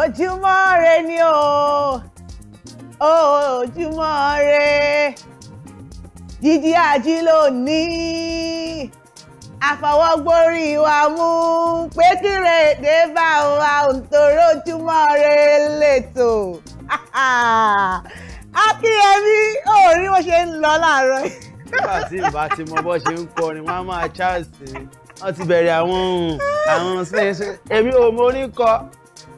ojúmọ́ re ni o ojúmọ́ re jíjí ají lónìí àfọwọ́gbórí wa mú pé kí rèédé bá wa òun torí ojúmọ́ re lètò akíyẹmí ò rí bó ṣe ń lọ láàárọ̀ yìí. nígbà tí ìbá ti mọ bó ṣe ń kọrin wọn á máa ṣáàsì wọn ti bẹ̀rẹ̀ àwọn àwọn ṣẹ́yìn ṣe èmi ò mọ orin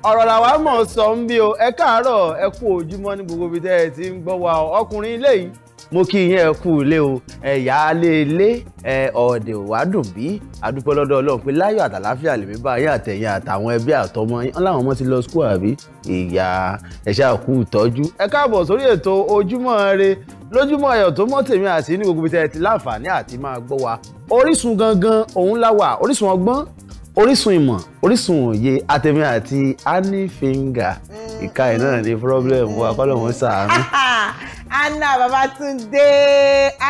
ọ̀rọ̀ làwa mọ̀ sọ ń bí o ẹ káàárọ̀ ẹ kú ojúmọ́ ní gbogbo ibi tẹ́ ẹ ti ń gbọ́ wa ọkùnrin ilé yìí mo kí yín ẹ kú ilé o ẹ̀yà alẹ́ ilé ẹ ọ̀dẹ̀ wàá dùn bí adúpẹ́ lọ́dọ̀ ọlọ́run pé láyọ̀ àtàláfíà lèmi bá yín àtẹ̀yìn àtàwọn ẹbí àtọmọ yín ọláwọn ọmọ ti lọ skul àbí ìyá ẹ̀ṣẹ́ àkú ìtọ́jú ẹ káàbọ̀ sórí ètò ojúmọ́ ire lójúmọ́ ayọ̀ tó mọ́ tèmi àti ní gbogbo ibi tẹ́ ẹ ti láǹfààní àti máa gbọ́ wa Orísun gangan òun láwà Orísun ọgbọ́n orísun ìmọ̀ orísun òye atẹ̀mí àti anífíńgà mm. ìka ẹ̀ náà ni problem wa kọ́lọ̀ wọn sàánú. anna babatunde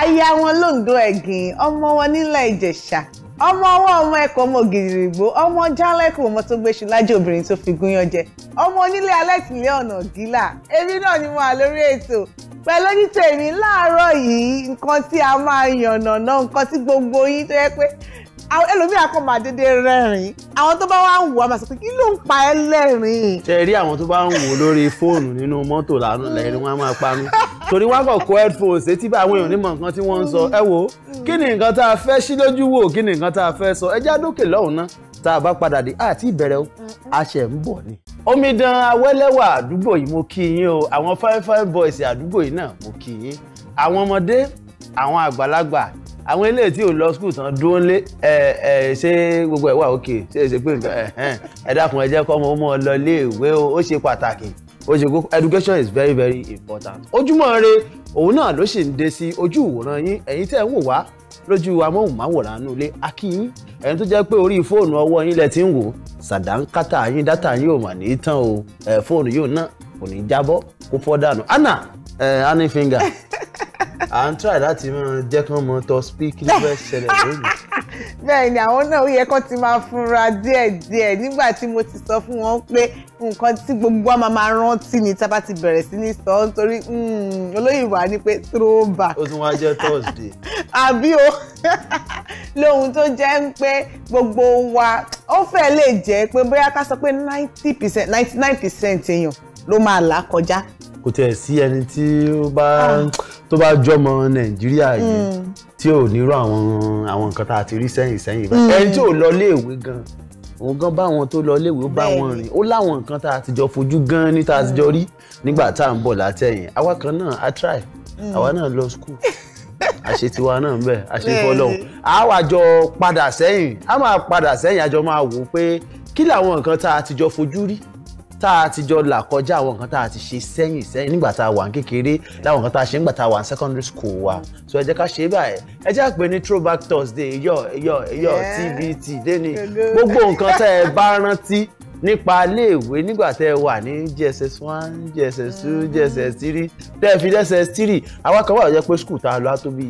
aya wọn londo ẹ̀gìn ọmọ wọn nílẹ̀ ìjẹ̀ṣà ọmọ ọwọ́ ọmọ ẹ̀kọ́ ọmọ gìrìgbò ọmọ jálẹ̀kùn ọmọ tó gbé ṣùlájì obìnrin tó fi gún yànjẹ ọmọ onílé alẹ́tìlẹ́ ọ̀nà gíla èmi náà ni mo wà lórí ètò pẹ̀lú ní tèmi láàárọ̀ yìí nǹkan tí a máa yànnàná nǹkan tí gbogbo yín tó yẹ pé àwọn ẹlòmíà kan máa dédé rẹ́rìn àwọn tó bá wà ń wò á máa sọ pé kí ló ń pa ẹ́ lẹ́rìn. ṣe rí àwọn tó bá ń wò lórí fóònù nínú mọ́tò lẹ́rìn wọn á máa panu torí wọn kàn kó headphones etí bá àwọn èèyàn nímọ̀ nǹkan tí wọ́n ń sọ ẹ wò ó kí ni nǹkan tá a fẹ́ sí lójú wò kí ni nǹkan tá a fẹ́ sọ ẹ já lọ́hùn ná tá a bá padà dé àti ìbẹ̀rẹ̀ o ń bọ̀ ni. omidan awẹ́lẹ́wà àdúgbò yìí mo kí yín o àwọn fine fine boys àdúgbò yìí náà mo kí yín àwọn ọmọdé àwọn àgbàlagbà àwọn eléyìí tí ò lọ skul tán dúró lé ẹ ẹ ṣé gbogbo ẹ wà òkè ṣé èsè pé nǹkan ẹ dákun ẹ jẹ́ kọ́ ọmọ ọmọ lọ lé ìwé o ó ṣe pàtàkì ó ṣe kó education is very very important ojúmọ́ ire òun náà ló sì ń dé sí ojú ìwòran yín ẹ̀yin tẹ́ ń wò wá lójú amóhùnmáwòrán nínú ilé akínyín ẹni tó jẹ́ pé orí fóònù ọwọ́ yín lẹ ti ń wò sàdánkátà yín dátà yín ò mà ní tán o fóònù yóò náà kò ní jábọ́ kó fọ́ dànù anna ẹ eh, honey finger à ń try láti máa jẹ́ kán mọ tó speak kí ló fẹ́ ṣẹlẹ̀ lónìí. bẹ́ẹ̀ ni àwọn náà ó yẹ kán ti máa fúnra díẹ̀díẹ̀ nígbà tí mo ti sọ fún wọn pé nǹkan tí gbogbo wa máa máa rántí ni tá a bá ti bẹ̀rẹ̀ sí ní sọ nítorí hmm, olóyìnbó á ní pé throwback. ó tún wá jẹ́ thursday. àbí o lóhun tó jẹ́ ń pé gbogbo wa ó fẹ́ lè jẹ́ pé bóyá ká sọ pé ninety percent ninety nine percent èèyàn ló máa là kọjá kò tiẹ̀ sí ẹni tí ó bá ah. tó bá jọmọ nàìjíríà yìí hmm. tí ò nírú àwọn àwọn nǹkan tá a ti rí sẹ́yìn sẹ́yìn báyìí hmm. ẹni tí ò lọ léèwé gan òun gan bá àwọn tó lọ léèwé ó bá wọn rìn ó láwọn nǹkan tá a ti jọ fojú gan ní tá a ti jọ rí hmm. nígbà tá à ń bọ̀ látẹ̀yìn àwa kan náà a try àwa náà lọ school àṣe tiwa náà bẹ́ẹ̀ àṣe fọlọ́hún a wá jọ padà sẹ́yìn a máa padà sẹ́yìn a jọ máa wò ó pé kí làwọn nǹkan tá a ti jọ fojú rí tá a ti jọ là kọjá àwọn nǹkan tá a ti ṣe sẹ́yìn sẹ́yìn nígbà tá a wà ní kékeré láwọn nǹkan tá a ṣe nígbà tá a wà ní secondary school wa so ẹ jẹ́ ká ṣe é báyìí ẹ jẹ́ àpè ní throwback thursday yọ yọ yọ tbt déni gbogbo nǹkan tẹ́ ẹ bá rántí nípa iléèwé nígbà tẹ́ ẹ wà ní JSS one JSS two JSS mm-hmm. three tẹ́ ẹ fi JSS three àwa kan wà lọ́jọ́ pé skul tá a lọ á tó bí.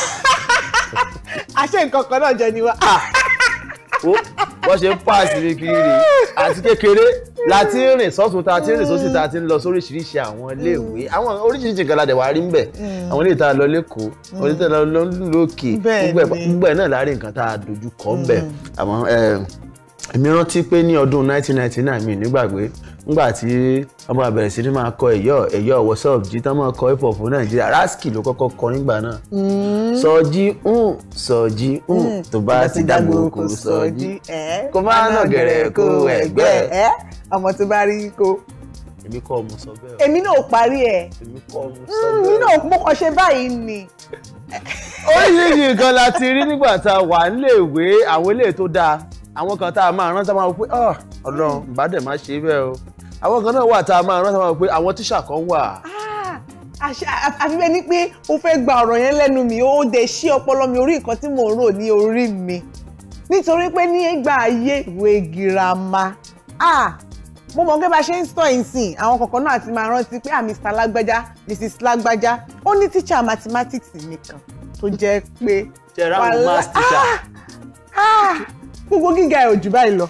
àṣé nǹkan kan náà jẹ ni wá. Ah wọ́n ṣe ń pààsì mi kiri rè àti kékeré la ti ń rìn sọ́tún ta ti ń rìn sósì ta ti ń lọ sóríṣiríṣi àwọn iléèwé àwọn oríṣiríṣi nǹkan la dẹ̀ rí ń bẹ̀ mm. àwọn iléèwé tá lọ lẹ́kọ̀ọ́ àwọn iléèwé tá a lọ mm. lókè gbogbo ẹ̀ náà la nǹkan tá a dojú kọ ń bẹ̀ mm. àmọ́ eh, èmi rántí pé ní ọdún 1999 mi nígbàgbé ngbà tí wọ́n máa bẹ̀rẹ̀ sí ní máa kọ ẹ̀yọ́ ẹ̀yọ́ what's up jí tán máa kọ hip hop nàìjíríà rasky ló kọ́kọ́ kọ nígbà náà hmm. sọjí hùn sọjí hùn hmm. tó bá ti dàgbò kò sọjí kó má nà gẹ̀rẹ̀ kó ẹ̀gbẹ́. ọmọ tó bá rí kó. èmi kọ́ ọmọ sọ bẹ́ẹ̀. èmi náà parí ẹ̀. èmi kọ́ ọmọ sọ hmm, ṣe báyìí ni. oríṣiríṣi nǹkan la ti rí nígbà tá a wà níléèwé àwọn eléyìí tó dáa àwọn kan tá a máa rántí máa wọ pé ah, Ọlọ́run bá má ṣe bẹ́ẹ̀ o àwọn kan náà wà tá a máa rántí àwọn pé àwọn tíṣà kan wà. Ah, àfi bẹ́ẹ̀ ni pé o fẹ́ gba ọ̀rọ̀ yẹn lẹ́nu mi ó de ṣí ọpọlọ mi orí nǹkan tí mò ń rò ní orí mi nítorí pé ní ìgbà ayé ìwé girama ah, mo mọ̀ pé bá ṣe ń sọ ìsìn àwọn kọ̀ọ̀kan náà ti máa rántí pé àmì ah, Mr. lágbájá Mrs. lágbájá ó ní tíṣà mathematics nìkan tó jẹ́ pé wàhálà gbogbo gíga ẹ̀ ò jù báyìí lọ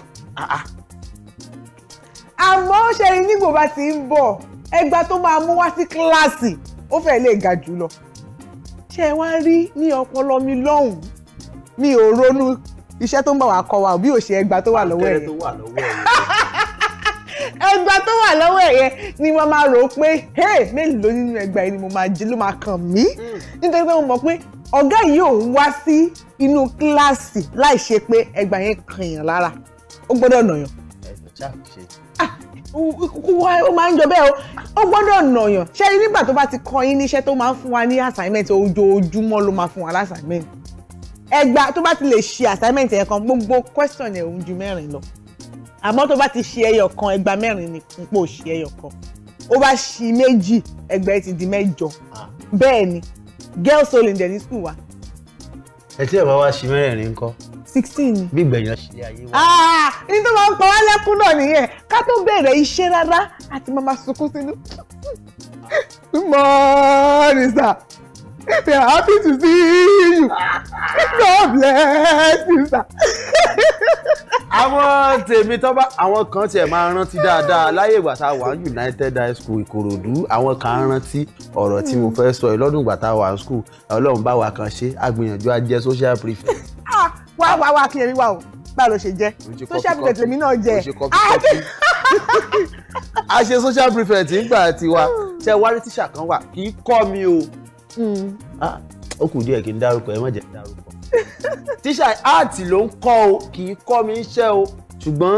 àmọ́ ṣe ni nígbò bá ti ń bọ̀ ẹgbà tó máa mú wá sí kíláàsì ó fẹ́ lè ga jù lọ ṣé ẹ wá rí ní ọpọlọ mi lọ́hùn mi ò ronú iṣẹ́ tó ń bọ̀ wá kọ wa bí ò ẹgbà tó wà lọ́wọ́ ẹ̀ ẹgbà tó wà lọ́wọ́ ẹ̀ yẹn ni wọ́n máa rò ó pé mélòó nínú ẹgbà yìí ni mo máa jí ló máa kàn mí hmm. nítorí pé mo mọ̀ pé ọ̀gá yìí ò ń wá sí inú kíláàsì láì ṣe pé ẹgbà yẹn kàn yàn lára ó gbọ́dọ̀ nàyàn ṣáà ṣe. Ah, ó máa ń jọ bẹ́ẹ̀ o ó gbọ́dọ̀ nàyàn ṣé nígbà tó bá ti kọ́ yín níṣẹ́ tó máa ń fún wa ní assignment ojoojúmọ́ ló máa fún wa lásàmẹ́ǹtì ẹgbà tó bá ti lè ṣe assignment yẹn kan gbogbo question yẹn òun ju mẹ́rin lọ àmọ́ tó bá ti ṣe ẹyọ kan ẹgbà mẹ́rin ni pò ṣe ẹyọ kan ó bá ṣe méjì ẹgbà ẹ ti di mẹ́jọ ah. bẹ́ẹ̀ ni girls only dẹ̀ ní school wa. ẹ tí ẹ bá wá ṣe mẹ́rẹ̀ẹ̀rin ńkọ́ sixteen. bí ṣe ayé wa. Ah, ní tó máa ń pa wá lẹ́kún náà nìyẹn ká tó bẹ̀rẹ̀ iṣẹ́ rárá àti máa máa sunkún sínú. mọ́ọ̀nì sà we are happy to see you God bless you sir. àwọn tèmi tó bá àwọn kan tiẹ̀ máa rántí dáadáa láyé ìgbà tá a wà United High School Ìkòròdú àwọn kan rántí ọ̀rọ̀ tí mo fẹ́ sọ yìí lọ́dún ìgbà tá a wà school Ọlọ́run bá wa kan ṣe àgbìyànjú ajẹ́ social prefect. Ah, wá wá wá kí èmi wá o báwo ló ṣe jẹ social prefect lèmi náà jẹ ah, a ṣe social prefect nígbà tiwa ṣe wárí tíṣà kan wà kì í kọ́ mi o hmm. ah, ó kù díẹ̀ kí n dárúkọ ẹ má jẹ́ dárúkọ tíṣà áàtì ló ń kọ́ o kì í kọ́ mi iṣẹ́ o ṣùgbọ́n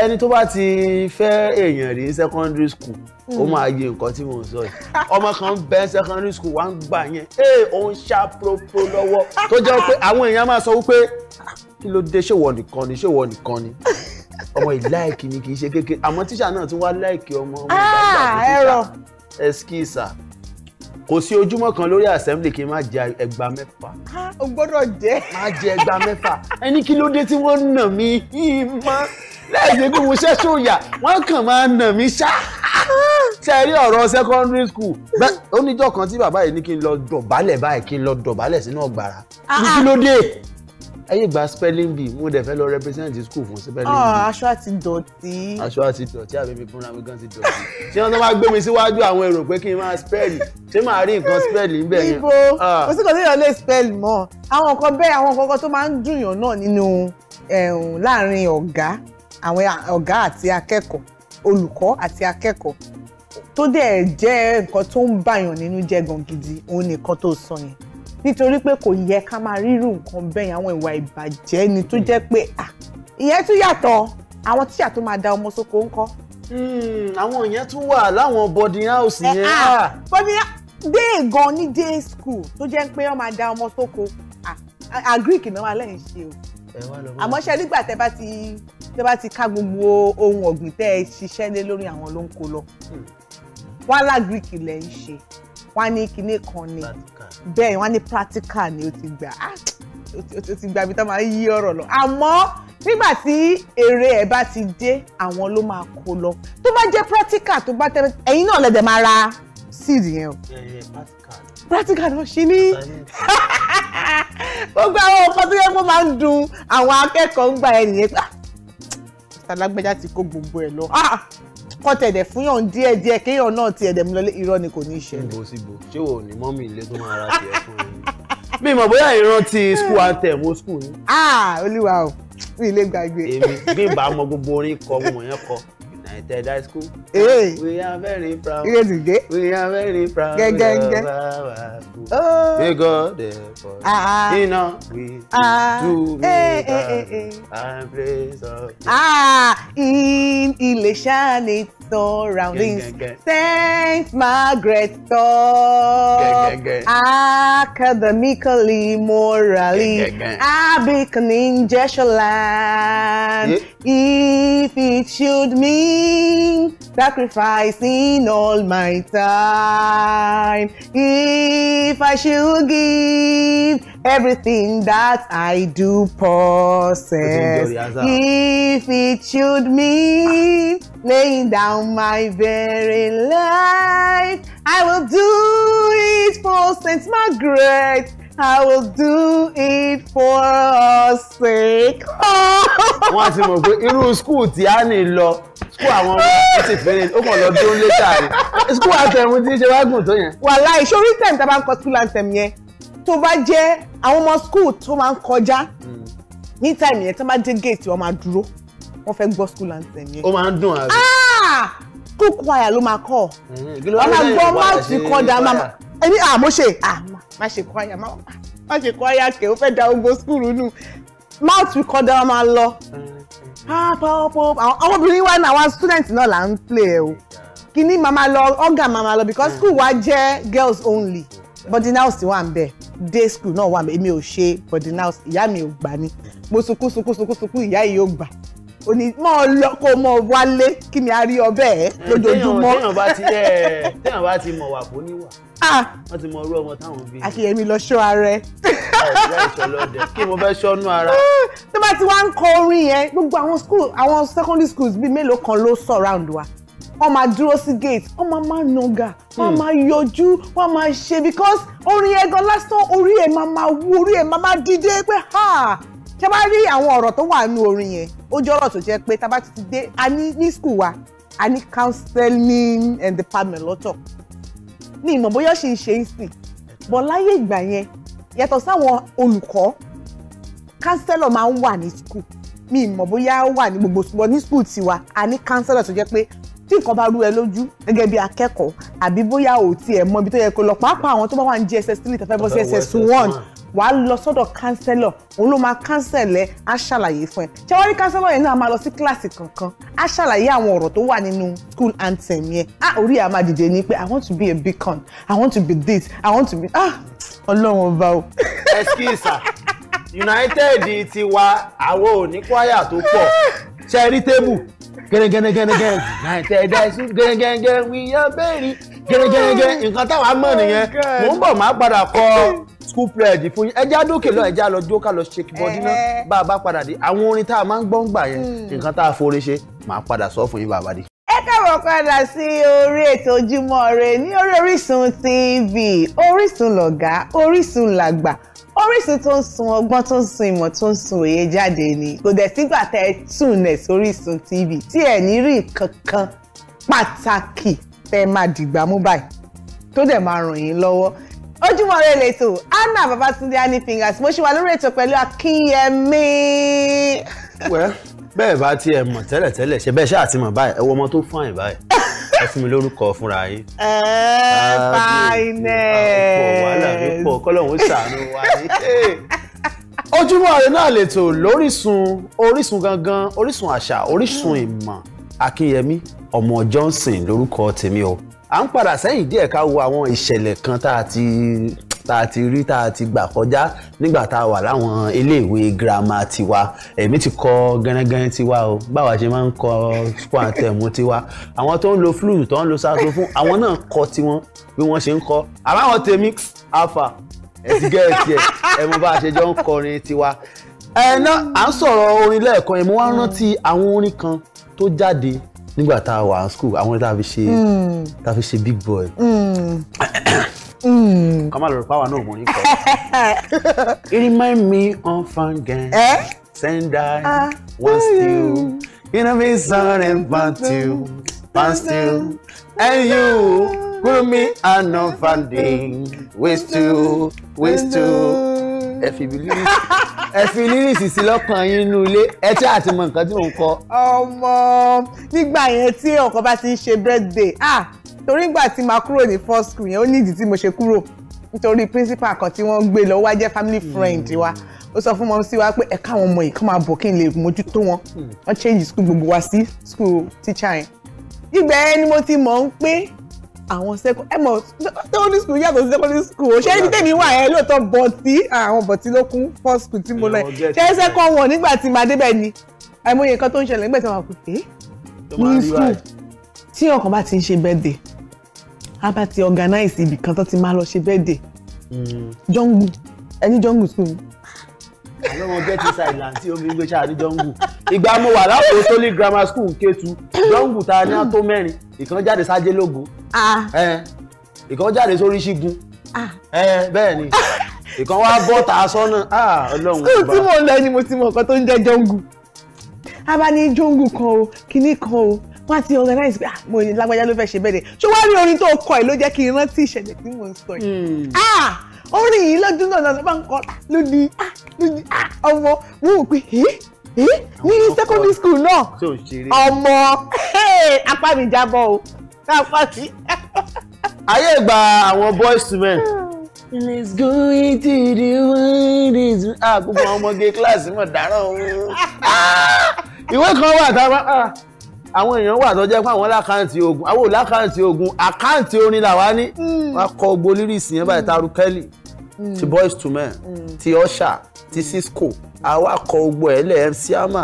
ẹni tó bá ti fẹ́ èèyàn rí secondary school ó máa yé nǹkan tí mò ń sọ yìí ọmọ kan ń bẹ secondary school wa ń gbà yẹn ee òun ṣàpòpò lọ́wọ́ tó jẹ́ pé àwọn èèyàn máa sọ wípé ah, kí ló dé ṣèwọ nìkan ni ṣèwọ nìkan ni ọmọ yìí láìkì ni kì í ṣe kékeré àmọ́ tíṣà náà ti wá láìkì ọmọ ọmọ ìgbàgbọ́ tíṣà ẹskísà kò sí ojúmọ́ kan lórí assembly kí n má jẹ ẹgbàá mẹ́fà. o gbọ́dọ̀ jẹ́. má jẹ ẹgbàá mẹ́fà ẹni kí ló dé tí wọ́n nà mí lẹ́yìn pé mo ṣẹ́ṣù yà wọ́n kàn máa nà mí ṣá ṣe rí ọ̀rọ̀ secondary school ó níjọ́ kan tí bàbá yìí ní kí n lọ dọ̀bálẹ̀ báyìí kí n lọ dọ̀bálẹ̀ sínú ọgbàrá ah, kí ah. ló dé ẹ̀yin gba spelling bee mo dẹ̀ fẹ́ lọ represent the school fún spelling bee. Ah, aṣọ àti dọ̀tí. aṣọ àti dọ̀tí àbí mi fúnra mi gan ti dọ̀tí. ṣé wọ́n tó máa gbé mi síwájú àwọn èrò pé kí n máa spell ṣé màá rí nǹkan spẹ́ẹ̀lì ń bẹ̀ yẹn. ibo kò sí kò sí ìyọ̀lẹ́ spẹ́ẹ̀lì mọ́ àwọn nǹkan bẹ́ẹ̀ àwọn nǹkan tó máa ń dùnyàn náà nínú láàrin ọ̀gá àwọn ọ̀gá àti akẹ́kọ̀ọ́ olùkọ́ àti akẹ́kọ̀ọ́ tó dẹ̀ jẹ́ nǹkan tó ń bàyàn nínú jẹ́ gan gidi òun nìkan tó sọ yẹn nítorí pé kò yẹ ká máa rírù nǹkan bẹ́ẹ̀ àwọn ìwà ìbàjẹ́ ni tó jẹ́ pé à ìyẹn tún yàtọ̀ àwọn tíṣà tó máa da ọmọ sóko ńkọ́. Hmm, àwọn ìyẹn tún wà láwọn boarding house yẹn. Ah! boarding day gan ni day school tó jẹ́ pé wọ́n máa da ọmọ sóko agric náà wà lẹ́yìn ṣe o àmọ́ ṣe nígbà tẹ́ bá ti tẹ́ bá ti ká gbogbo ohun ọ̀gbìn tẹ́ ẹ ṣiṣẹ́ lé lórí àwọn ló ń kó lọ hmm. wá lágric ilẹ̀ ń ṣe wá ní kinní kan ni bẹ́ẹ̀ wá ní practical ni ó ti gbà á ah, ó ti gbà bí tá máa yí ọ̀rọ̀ lọ àmọ́ nígbà tí èrè ẹ̀ bá ti dé àwọn ló máa kó lọ tó bá jẹ́ practical tó bá tẹ́ ẹ̀yin náà lẹ́dẹ̀ máa ra seed yẹn o. practical ló ṣe ní. gbogbo àwọn nǹkan tó yẹ kó máa ń dùn àwọn akẹ́kọ̀ọ́ ń gba ẹnìyẹn pa. Ah! alágbèjà ti kó gbogbo ẹ̀ lọ ah! kọ́ tẹ̀dẹ̀ fún yàn díẹ̀ díẹ̀ kéèyàn náà ti ẹ̀dẹ̀ mi lọ irọ́ ni kò ní í ṣẹlẹ̀. níbo síbo ṣé wo ni mọ́mí ilé tó máa ra tiẹ̀ fún mi. mi mọ̀ bóyá ìrántí school anthem o school ni. Ah! olúwa o mi ì lè gbàgbé. èmi bí ìbámu gbogbo orin kọ mo yẹn kọ. United High School. Hey. We are very proud. Ire We are very proud. Gẹ́gẹ́gẹ́. Oh. May God help us. Ah. Iná ah. we ah. do me hey, hey, hey. and praise of. Ah, in Ilesha ni surroundings. Saint Margaret Top. Academically, morally, Abikin in Jesholand. If it should mean sing, sacrificing all my time. If I should give everything that I do possess, if it should mean laying down my very life, I will do it for Saint Margaret. I will do it for our sake. Wọ́n ti mọ̀ pé irú skul tí a ní lọ skú àwọn ọmọ ti fèrè ó mọ̀ lọ dúró létà rẹ̀ skú anthem ti ṣe wá gùn tó yẹn. wàhálà ìṣòrí tẹ̀m tá a bá ń kọ skú anthem yẹn tó bá jẹ́ àwọn ọmọ skú tó máa ń kọjá hmm. ní táìmù yẹn tó bá dé géètì wọn máa dúró wọn fẹ́ gbọ́ skú anthem yẹn. ó máa ń dùn àbí. Ah! skú kwaya ló máa kọ́ hmm, wọn máa gbọ́ máàtì kọ́dà máa ẹni àmọ́ṣe má ṣe kwaya má ah, ṣe kwaya ah, kẹ́ ó fẹ́ da ogbó skúlù nù máàtì kọ́dà máa lọ. Hmm. ah pop pop àwọn nwa wa náà àwọn students n play o kini mama lọ ọ̀gá mama lọ because school wa jẹ girls only boarding house wà de bẹ̀ day school náà wà ń bẹ̀ ṣe boarding house ìyá mi ò mo sunkún sunkún Oni mọ lọ kó mọ wálé kí ni a rí ọbẹ ẹ lójoojúmọ́. téèyàn bá ti ẹ téèyàn bá ti mọ̀ wà kó níwà. wọ́n ti mọ irú ọmọ táwọn bí. Akínyẹmí lọ ṣọ́ ara ẹ. ìyá ìṣọlọdẹ kí mo fẹ́ ṣọ́nú ara. tó bá ti wá ń kọ orin yẹn gbogbo àwọn school àwọn secondary schools bíi mélòó kan ló surround wa wọ́n máa dúró sí gate wọ́n máa máa nàgà wọ́n máa hmm. yọjú wọ́n máa ṣe because orin ẹ̀gàn lásán orí ẹ̀ máa máa wú orí ẹ̀ máa máa dídé pé ha ṣé wàá rí àwọn ọ̀rọ̀ tó wà nínú orin yẹn ó jẹ́ ọ̀rọ̀ tó jẹ́ pé tá a bá ti dé a ní ní school wa a ní counseling and department lọ́tọ̀ ní ìmọ̀ bóyá ṣì ń ṣe é sìn bọ̀ láyé ìgbà yẹn yàtọ̀ sáwọn olùkọ́ counselor máa ń wà ní school mi ìmọ̀ bóyá ó wà ní gbogbo ṣùgbọ́n ní school tiwa a ní counselor tó jẹ́ pé tí nǹkan bá rú ẹ lójú gẹ́gẹ́ bí akẹ́kọ̀ọ́ àbí bóyá ò tiẹ̀ mọ ibi tó yẹ kó lọ pàápàá àwọn tó bá wà ní JSS three tàbí bọ́ sí SS one wàá lọ sọ́dọ̀ kánsẹ́lọ̀ òun ló máa kánsẹ̀lẹ̀ á ṣàlàyé fún ẹ ṣé wọ́n rí kánsẹ́lọ̀ yẹn náà máa lọ sí kíláàsì kankan á ṣàlàyé àwọn ọ̀rọ̀ tó wà nínú school anthem yẹn á orí ẹ̀ máa dìde ní pé i want to be a beacon i want to be this i want to be ah ọlọ́run ọba o. ẹskíìsà united ti wa àwọn òní kwaya tó pọ̀ ṣẹ́rí tébù gẹ́gẹ́gẹ́gẹ́gẹ́ united ẹ̀sùn gẹ́gẹ́gẹ́ wíyá bẹ́ẹ̀rì gẹ́gẹ́gẹ́gẹ́ nǹkan táwa mọ̀ nìyẹn oh mò ń bọ̀ máa padà kọ́ school prayer di fún yín ẹja dókè lọ ẹja lọ ká lọ ṣe bọdí náà bá a bá padà dé àwọn orin tá a máa ń gbọ́ gbà yẹn hmm. nǹkan tá a forin ṣe máa padà sọ fún yín bàbá dé. ẹ káàbọ̀ padà sí orí ètò ojúmọ́ ire ní orí Orísun TV Orísun lọ̀gá Orísun làgbà Orísun tó ń sun ọgbọ́n tó ń sun ìmọ̀ tó ń sun òye jáde ni kò dẹ̀ sígbà tẹ́ ẹ tún nẹ̀ sórísun TV tí ẹ̀ ní rí kankan pàtàkì tẹ́ máa dìgbà mú báyìí tó dẹ̀ máa ràn yín lọ́wọ́ ojúmọ́ rẹ lẹ́tọ̀ anna babatunde honey fingers mo ṣe wà lórí ètò pẹ̀lú akínyẹmí. wẹ́ẹ́ bẹ́ẹ̀ bá tiẹ̀ mọ̀ tẹ́lẹ̀tẹ́lẹ̀ ṣe bẹ́ẹ̀ ṣáà ti mọ̀ báyìí ẹ wo ọmọ tó fún àyìn báyìí ẹ fún mi lórúkọ fúnra yín. ẹ finance. ọ̀pọ̀ wàhálà mi pọ̀ kọ́lọ́hún ó ṣàánú wa ní ojúmọ́ ire náà lètò lórísun orísun gangan orísun àṣà orísun ìmọ̀ akínyẹmí ọmọ johnson lórúkọ tèmi o à ń padà sẹ́yìn díẹ̀ ká wo àwọn ìṣẹ̀lẹ̀ kan tá a ti tá a ti rí tá a ti gbà kọjá nígbà tá a wà láwọn iléèwé girama tiwa èmi ti kọ gẹ́nẹ́gẹ́nẹ́ tiwa o báwa ṣe máa ń kọ school anthem tiwa àwọn tó ń lo flute tó ń lo saxophone àwọn náà kọ tiwọn bí wọ́n ṣe ń kọ àbáwọn tèmi alpha ẹ̀sìn gẹ̀ẹ́sì ẹ̀ bá a ṣe jọ ń kọrin tiwa ẹ̀ náà à ń sọ̀rọ̀ orin lẹ́ẹ̀kan ẹ̀ mo rántí àwọn orin kan tó jáde nígbà tá a wà ní school àwọn tá a fi ṣe hmm. tá a fi ṣe big boy. Hmm. ká má lọ rò pé náà mọ̀ yín kọ́. it remind me of fun gang eh? send I ah. one oh, stew you know me son and pan stew pan stew and you kurumi and non-funding waste two waste two ẹ fi believe. ẹ fi lírìsì sí lọ́kàn yín nínú ilé ẹ tí àti mọ nǹkan tí mò ń kọ. ọmọ nígbà yẹn tí ọkọ bá ti ń ṣe birthday ah torí ìgbà tí màá kúrò ní first school yẹn ó ní ìdí tí mo ṣe kúrò nítorí principal kan tí wọ́n gbé lọ wá jẹ́ family friend wa ó sọ fún mọ sí wa pé ẹ̀ka àwọn ọmọ yìí kán máa bọ̀ kí n lè mójútó wọn hmm. wọ́n change school gbogbo wa sí school teacher yẹn. ìgbà yẹn ni mo ti mọ̀ ń pé àwọn second ẹ mọ̀ secondary school yàtọ̀ sí secondary school ṣé ibi tèmi wà ẹ lóòótọ́ bọ̀tí àwọn bọ̀tí ló kún first school tí mo lọ yẹ ṣé second one nígbà tí màá débẹ̀ ni àìmọye nǹkan tó ń ṣẹlẹ̀ nígbà tí wọ́n kò pé eh, ní school tí ọkàn bá ti ń ṣe birthday a bá ti organize ibì kan tó ti máa lọ ṣe birthday hmm. jungle ẹni jungle school àlọ́ wọn get inside land tí omi ń gbé ṣáà ní jọ́ngù ìgbà mo wà láwòrán sólì grammar school K2, Kétu jọ́ngù ta ní àtó mẹ́rin ìkan jáde sájé lógo ah. ìkan jáde sórí ṣígun ah. bẹ́ẹ̀ ni ìkan wá bọ́ ta sọ́nà ah, ọlọ́run ọba. kúrò tí mo lọ ni mo ti mọ nǹkan tó ń jẹ́ jọ́ngù a bá ní jọ́ngù kan o kinní kan o wọ́n á ti organize pé ah, mo ní lágbájá ló fẹ́ ṣe bẹ́ẹ̀ ni ṣé wàá rí orin tó kọ yìí ló jẹ́ kí n rántí ìṣẹ̀lẹ̀ tí mò ń sọ yìí hmm. ah orin yìí lọ́dún náà lọ́dún máa ń kọ ah, di, ah lódì ah ọmọ wọ́n wò pé ẹ́ ẹ́ ní secondary school náà ọmọ apá mi jábọ́ o apá mi. ayé ìgbà àwọn boys to men. Hmm. It's going to the world is. Ah, Àgùnbọ̀n ọmọge kíláàsì mọ̀ dáràn o. Ìwé kan wà tá a máa àwọn èèyàn wà tó jẹ́ pé àwọn lákàntì ogun àwọn ò lákàntì ogun àkáǹtì orin làwa ní hmm. wọn kọ gbogbo lírìsì yẹn báyìí taru kelly hmm. ti boys to men hmm. ti usher ti cisco àwa kọ gbogbo ẹ̀ lẹ́ mc ama.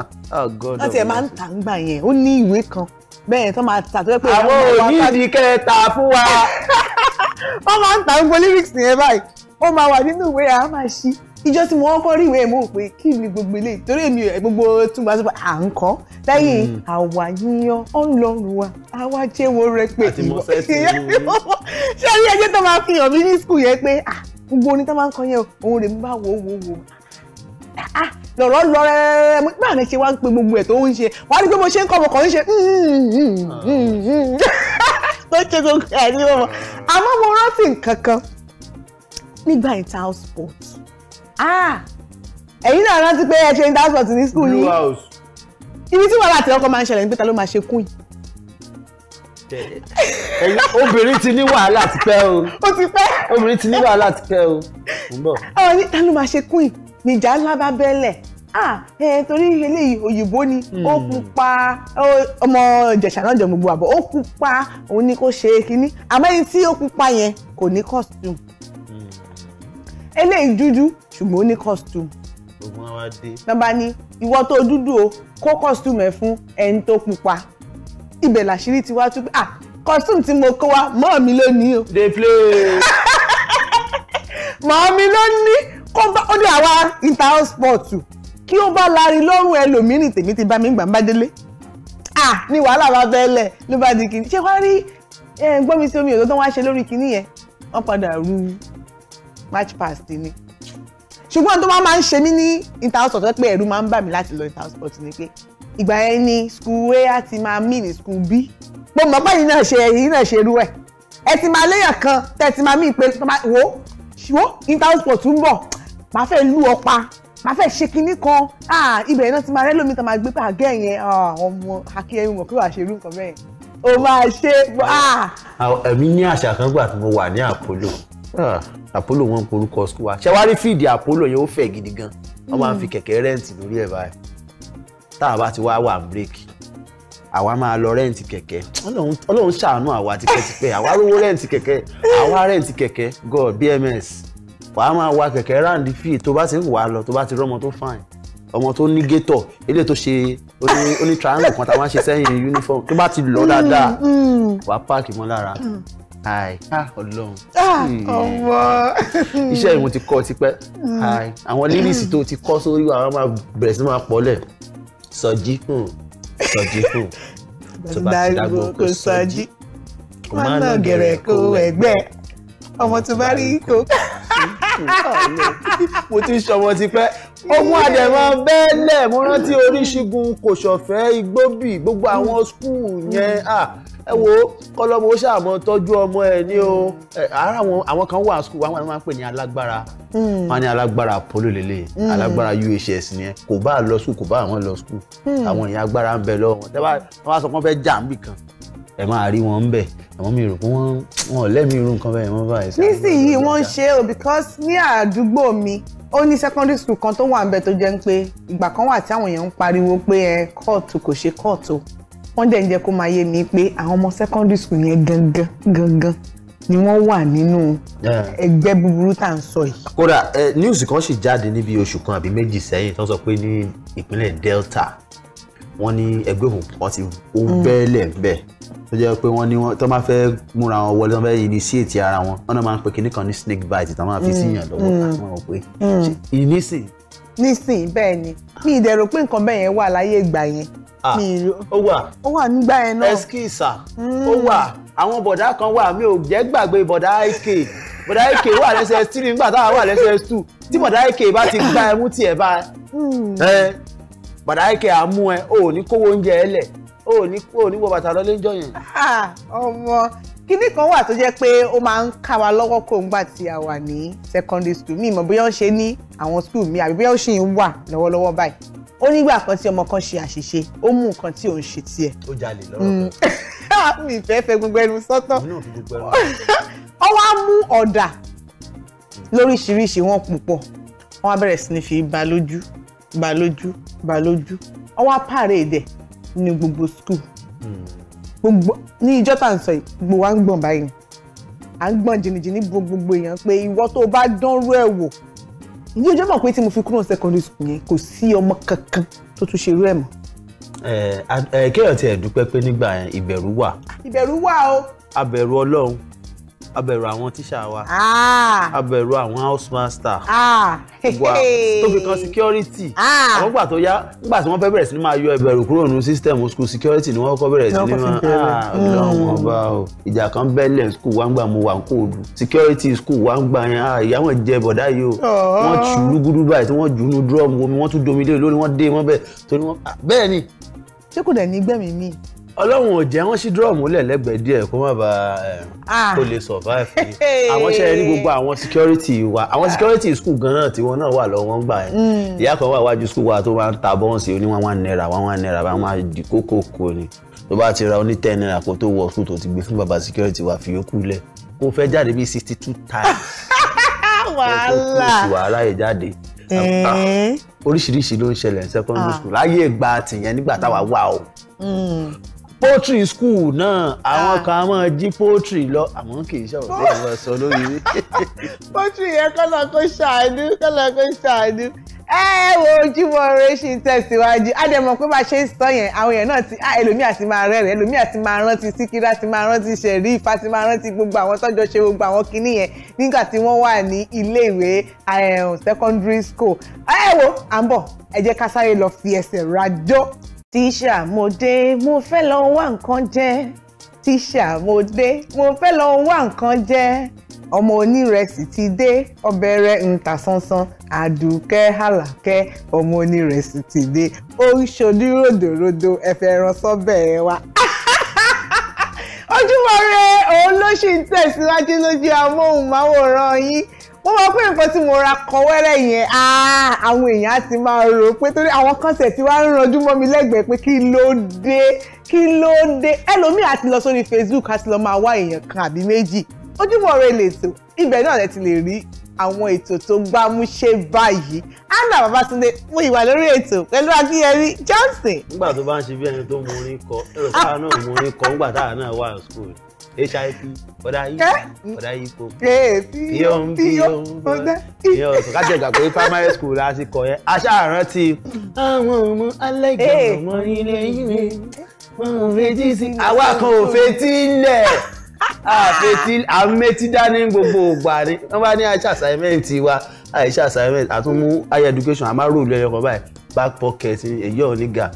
wọ́n ti ẹ̀ máa ń tà ń gbà yẹn ó ní ìwé kan bẹ́ẹ̀ tó máa tà tó yẹ pé ìyá àwọn onídìí kẹta fún wa. wọ́n máa ń tà ń gbọ́ lyrics yẹn báyìí ó máa wà nínú ìwé yẹn ìjọ tí mo kọ́kọ́ rí ìwé ẹ̀ mú un pé kí ni gbogbo ilé torí èmi gbogbo túnbà tó bá à ń kọ́ lẹ́yìn mm. àwa yíyan ọlọ́run wa àwa jẹ́wọ́ rẹ pé ìwọ ṣé rí ẹjẹ́ tó máa fi hàn mí ní skul yẹn pé gbogbo orin tó máa ń kọ yẹn òun rèé bá wò wò wò lọ̀rọ̀ lọ rẹ́rẹ́rẹ́ mo gbà mí ṣe wá ń pe gbogbo ẹ̀ tó ń ṣe wàá rí pé mo ṣe ń kọ́ mo kàn ń ṣe tó hmm, hmm, hmm, ah. ṣe gbogbo ẹ̀ ní ọmọ àmọ́ mo rántí nǹkan kan nígbà ìta sport Ah! ẹ̀yin náà rántí pé ẹ ṣe ní transport ní school yìí ibi tí wàhálà àti ọkọ máa ń ṣẹlẹ̀ ní pé ta ló máa ṣe queen. obìnrin ti ní wàhálà ti pẹ́ o ó ti pẹ́ obìnrin ti ní wàhálà ti pẹ́ o ń bọ̀. àwọn ní ta ló máa ṣe queen níjà ńlá bá bẹ́lẹ̀ ah ẹ torí eléyìí òyìnbó ni hmm. ó pupa ọmọ ìjẹ̀ṣà náà jẹ gbogbo àbọ̀ ó pupa òun ni kò ṣe é kínní àmọ́ ẹni tí ó pupa yẹn kò ní costume eléyìí dúdú ṣùgbọ́n ó ní costume. ogun àwa dé. tán bá ní ìwọ tó dúdú o kó costume ẹ fún ẹni tó pupa ibẹ̀ làṣírí ti wá tún pé ah costume tí mo kó wá mọ́ mi lónìí o. dey play. mọ́ mi lónìí kó bá ó ní àwa interhouse sport kí ó bá lari lọ́rùn ẹlòmíràn tèmi ti bá mi gbà ń bá délé ah ní wàhálà bá bẹ́ẹ̀ lẹ̀ ló bá di kìíní ṣé wàá rí gbọ́mi sí omi òdòdó wá ṣe lórí kìíní wọ́n padà rú u march pass ti ni ṣùgbọ́n tó máa ń ṣe mí ní interhouse ọ̀tọ̀ pé ẹ̀rù máa ń bà mí láti lọ interhouse sport ni pé ìgbà yẹn ni school a á ti máa mí ní school b mo mọ̀ pé yìí náà ṣe yìí náà ṣe irú ẹ̀ ẹ ti máa léyàn kan tẹ́ ti máa mí pé wo wo interhouse sport ń bọ̀ máa fẹ́ lù ọ pa máa fẹ́ ṣe kinní kan ibẹ̀ náà ti máa rẹ́ lómi tán máa gbé pé àgẹ́ yẹn ọmọ akínyẹ̀mí mọ̀ kí wàá ṣe irú nǹkan bẹ́ẹ̀ o máa ṣe. ẹ̀mí ní àṣà kan gbà tí mo wà ní àpolò àpólò wọn ń porúkọ skul wa ṣẹwárí fíìdì àpólò yẹn ó fẹ̀ gidi gan wọn máa ń fi hmm. kẹ̀kẹ́ rẹ́ǹtì lórí ẹ̀ báyìí tá a bá ti wá wà ń bírèkì àwa máa lọ rẹ́ǹtì kẹ̀kẹ́ ọlọ́run ṣàánú àwa tipẹ́tipẹ́ àwa rówó rẹ́ǹtì kẹ̀kẹ́ àwa rẹ́ǹtì kẹ̀kẹ́ god bms wàá máa wa kẹ̀kẹ́ ráǹdì fíì tó bá ti ń wà á lọ tó bá ti rọ́mọ tó fine ọmọ tó ní gétọ̀ eléyìí tó ṣe oní triangle kan tá a máa ṣe sẹ́yìn uniform tó bá ti lọ hmm, hmm, dáadáa wàá páàkì mọ́ lára hi ah, Ọlọ́run ah, hmm. ọmọ iṣẹ́ ìwọ̀n ti kọ́ tipẹ́ hmm. hi àwọn lírísì tó ti kọ́ sórí àwọn máa bẹ̀rẹ̀ sí máa pọ̀lẹ̀ sọjí kùn sọjí kùn tó bá ti dàgbọ́ kó sọjí kó má nà gẹ̀rẹ̀ kó ẹgbẹ́ ọmọ tó bá rí kó. mo ti ṣọmọ tipẹ́ ọmọ àdẹ̀mọ́ bẹ́ẹ̀lẹ̀ mo rántí oríṣigun kòṣọ̀fẹ́ igbóbì gbogbo àwọn skul yẹn ah, ẹ wo kọlọmọ ó ṣàmọ tọ́jú ọmọ ẹ ní o ara àwọn kan wà skul àwọn máa ń pè ní alágbára hmm. wọn ní alágbára polo lele hmm. alágbára UHS ni ẹ kò bá lọ skul kò bá hmm. àwọn lọ skul àwọn ìyẹn agbára ń bẹ lọ́wọ́ tẹ́ bá sọ pé wọ́n fẹ́ jà ń bì kan ẹ máa rí wọn bẹ àwọn mi rò pé wọn wọn lẹ́mìí irú nǹkan bẹ́ẹ̀ wọ́n bá ẹ̀ sáré. nísìnyí wọ́n ń ṣe o because ní àdúgbò mi ó ní secondary school kan tó wà ń bẹ tó jẹ́ ń pé ìgbà kan wà tí àwọn èèyàn ń pariwo pé ẹ kóòtù kò ṣe kóòtù wọ́n dẹ̀ ń jẹ́ kó máa yé mi pé àwọn ọmọ secondary school yẹn gangan gangan ni wọ́n wà nínú eh. ẹgbẹ́ búburú tá à ń sọ yìí. kódà eh, news kan sì jáde níbi oṣù kan àbí méjì sẹ́yìn tó sọ pé ní ìpínlẹ̀ Delta wọ́n ní ẹgbẹ́ òkùnkùn kan ti ó mm. bẹ́ẹ̀lẹ̀ bẹ́ẹ̀ tó jẹ́ pé wọ́n ní wọ́n tó máa fẹ́ múra wọn wọlé wọ́n fẹ́ initiate ara wọn wọ́n náà máa ń pe kinní kan ní snake bite tó máa fi síyàn mm. lọ́wọ́ mm. àwọn ò pé nísìn. nísìn bẹ́ẹ̀ ni mi ìdẹ̀rù pé nǹkan bẹ́ẹ̀ yẹn wà láyé ìgbà yẹn Ah, ó wa. ó wa, nígbà yẹn náà ẹskísà ah, hmm. ó wà àwọn bọ̀dá kan wà mi ò jẹ́ gbàgbé bọ̀dá ike bọ̀dá ike wà lẹ́sẹ̀ three nígbà táwa wà lẹ́sẹ̀ two tí bọ̀dá ike bá ti gbá ẹmú tiẹ̀ bá ẹ hmm. bọ̀dá ike àmú ẹ o ò ní kówó oúnjẹ ẹ lẹ̀ o ò ní o ò ní wọ bàtà lọ léjọ yẹn. ọmọ kinní kan wà tó jẹ́ pé ó máa ń ká wa lọ́wọ́ kó ń gbà tí a wà ní secondary school mi ìmọ̀ bóyá ó ṣe ní àwọn school mi abi bóyá ó ṣì ń wà lọ́wọ́lọ́wọ́ báyìí ó nígbà kan tí ọmọ kan ṣe àṣìṣe ó mú nǹkan tí òun ṣe tiẹ̀. ó jalè lọ́rọ̀ hmm. kan. mi ìfẹ́ fẹ́ gbogbo ẹnu sọ́tọ̀. mi náà fi gbogbo ẹnu. ó wá mú ọ̀dà lóríṣiríṣi wọn púpọ̀ wọn á bẹ̀rẹ̀ sí ni fi ba lójú ba lójú ba lójú wọn wá pàrẹ̀dẹ̀ ní gbogbo skul hmm. gbogbo ní ìjọ tá à ń sọ yìí gbogbo wa ń gbọ̀n báyìí à ń gbọ̀n jìnnìjìnnì bo gbogbo èèyàn pé ìwọ tó o bá dánrú ẹ̀ wò ní ọjọ́ mọ̀ pé tí mo fi kúrò secondary school yẹn kò sí ọmọ kankan tó tún ṣerú ẹ̀ mọ́. kéèyàn tiẹ̀ dúpẹ́ pé nígbà ìbẹ̀rù wà. ìbẹ̀rù wà o. abẹ̀rù ọlọ́run abẹ̀rù àwọn tíṣà wa abẹ̀rù ah. àwọn house master ah. wa tóbi kan security ah. àwọn gbà tó yá nígbà tí wọ́n fẹ́ bẹ̀rẹ̀ sí ni máa yọ ìbẹ̀rù kúrò nínú system school security ni wọ́n kọ́ bẹ̀rẹ̀ sí ni máa ọlọ́run hmm. ọba o ìjà kan bẹ́lẹ̀ school wa ń gbà mo wà ń kó o dùn security school wa ń gbà yẹn ìyá wọn jẹ bọ̀dá yìí o wọ́n tù ú lúgúdú báyìí tí wọ́n jù ú nu drum omi wọ́n tún domi lé lórí wọ́n dé wọ́n bẹ̀ tó ní wọ́n bẹ́ẹ̀ ni. ṣé kò dẹ̀ ní gbẹ̀mí mi ọlọ́run ò jẹ́ wọ́n ṣí dúrọ̀mù lẹ́lẹ́gbẹ̀ẹ́ díẹ̀ kó má bàa eh, ah. kó lè survive ni àwọn ṣẹ́yẹ ní gbogbo àwọn security wa àwọn ah. security school gan-an tí wọ́n náà wà lọ́wọ́ ń gbà yẹn mm. ìyá kan wà wájú school wa tó máa ń ta bọ́ọ̀sì oníwọ̀n wà náírà wọ́n wà náírà bá máa di kókó kó ni tó bá ti ra oní ten naira kó tó wọ school tó ti gbé fún bàbá security wa fi yókù lẹ̀ kó fẹ́ jáde bí sixty two times wàhálà wàhálà yìí jáde eh. ah, oríṣiríṣi ló ń ṣẹlẹ̀ secondary school láyé ìgbà tìyẹn nígbà táwa wà o mm poultry school náà àwọn ah. kan máa jí poultry lọ àmọ́ kì í sọ̀rọ̀ bí wọ́n sọ lórí rí. poultry yẹn kọ́lá kó ṣàánú kọ́lá kó ṣàánú ẹ wo Ojúmọ́ Ire ṣì ń tẹ̀síwájú ádẹ́mọ̀ pé bá ṣe ń sọ yẹn àwọn èèyàn náà ti ah, ẹlòmíà ti máa rẹ́rìn ẹlòmíà ti máa rántí síkírá ti máa rántí Sheriff ti máa rántí gbogbo àwọn tọ́jọ́ ṣe gbogbo àwọn kinní yẹn nígbà tí wọ́n wà ní iléèwé eh, secondary school ẹ wo à ń bọ̀ ẹ jẹ́ ká sáré lọ fi ẹsẹ̀ rájọ́ tíṣà mo dé mo fẹ́ lọ wá nǹkan jẹ tíṣà mo dé mo fẹ́ lọ wá nǹkan jẹ ọmọ onírẹsì ti dé ọbẹ̀ rẹ̀ ń ta sánsán àdùkẹ́ àlàkẹ́ ọmọ onírẹsì ti dé ó ń ṣojú ròdòròdò ẹ̀fẹ̀ ẹran sọ́bẹ̀ ẹ wa. Ojúmọ́ Ire òun ló ṣì ń tẹ̀síwájú lójú amóhùnmáwòrán yín wọ́n mọ̀ pé nǹkan tí mo ra kọ wẹ́rẹ́ yẹn àwọn èèyàn á ti máa rò pé torí àwọn kọ́sẹ̀ tí wàá ranjú mọ́ mi lẹ́gbẹ̀ẹ́ pé kí ló dé kí ló dé ẹlòmíì àti lọ sórí Facebook àti lọ máa wá èèyàn kan àbí méjì Ojúmọ́ Ire lètò ibẹ̀ náà lẹ ti lè rí àwọn ètò tó gbámúṣé báyìí Anna Babatunde mo ìwà lórí ètò pẹ̀lú Akínyẹmí Johnson. nígbà tó bá ń ṣe bí ẹni tó mú orin kọ ẹ̀rọ sáà náà mú orin kọ nígbà táà náà wà ní school hip ọ̀dà yìí ọ̀dà yìí kò píyọ̀n píyọ̀n ọ̀dà yìí ọ̀sán kájọ ìgbà pé primary school la ti kọ̀ yẹn aṣá àrántí. àwọn ọmọ alẹ́gẹ̀ eh. ọmọ ilé ìwé wọn ò fetí sí. Eh. àwa kan ò fetí lẹ̀ àfetí àmẹ́tí dání gbogbo ògbà ni wọ́n bá ní aṣá assignment wa aṣá assignment àtúnmú higher education àmárò lẹ́yọ̀kan báyìí back pocket èyí ò ní ga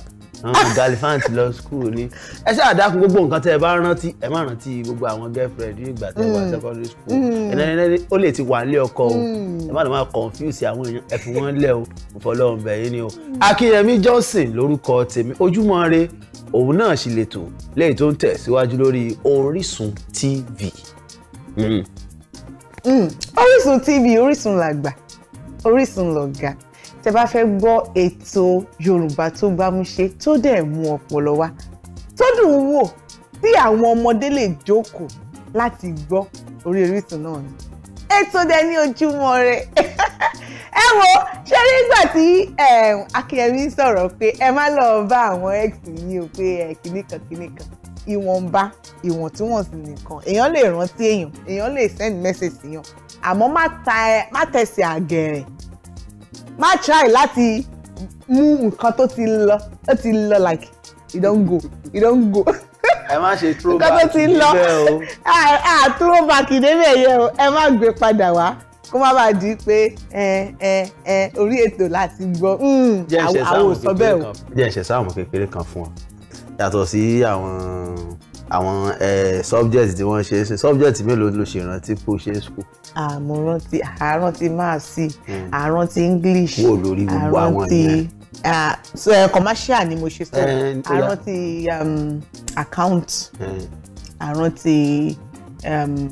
àwọn galifant lọ school ni ẹ ṣáà dákun gbogbo nǹkan tẹ ẹ bá rántí ẹ má rántí gbogbo àwọn girlfriend ní ìgbà tẹ wà secondary school mm. ẹnẹnẹnẹ ó lè ti wà nílé ọkọ o mm. ẹ má lọ máa confuse àwọn èèyàn ẹ fi wọn lẹ o ìfọlọ́run bẹ̀yìn ni o Akínyẹmí Johnson lórúkọ tèmi Ojúmọ́ Ire òun náà sì lè tò lẹ́yìn tó ń tẹ̀síwájú lórí Orísun TV. Mm. Orísun TV Orísun làgbà Orísun lọ̀gá tẹ́ bá fẹ́ gbọ́ ètò Yorùbá tó gbámúṣé tó dẹ̀ mú ọpọlọ wá tó dùn ún wò tí àwọn ọmọdé lè jókòó láti gbọ́ orí Orísun náà ni ètò dẹ ní ojúmọ́ rẹ ẹ wo ṣé nígbà tí akínyẹmí sọ̀rọ̀ pé ẹ má lọ bá àwọn ex yìí o pé kìnnìkan kìnnìkan ìwọ̀nba ìwọ̀ntúnwọ̀nsì nìkan èèyàn lè rántí èèyàn èèyàn lè send message sí yàn àmọ́ má tẹsẹ̀ àgẹ̀rẹ̀ má try láti mú nǹkan tó ti lọ tó ti lọ like you don go you don go ẹ má ṣe throwback nǹkan tó ti lọ à throwback ìdébẹ̀ yẹ o ẹ má gbé padà wá kó má bàa di pé ẹ ẹ ẹ orí ètò láti gbọ́ hmm, àwọn sọ bẹ́ẹ̀ o. jẹ́ ẹ̀ṣẹ̀ sáwọn kékeré kan fún ọ yàtọ̀ sí àwọn àwọn subjects. tí wọ́n ṣe é sìn subject mélòó ló ṣe ìrántí kó ṣe é school. àmọ́ rántí àrántí máàsì hmm. àrántí english àrántí commercial ni mo ṣe sọ àrántí um, account àrántí um,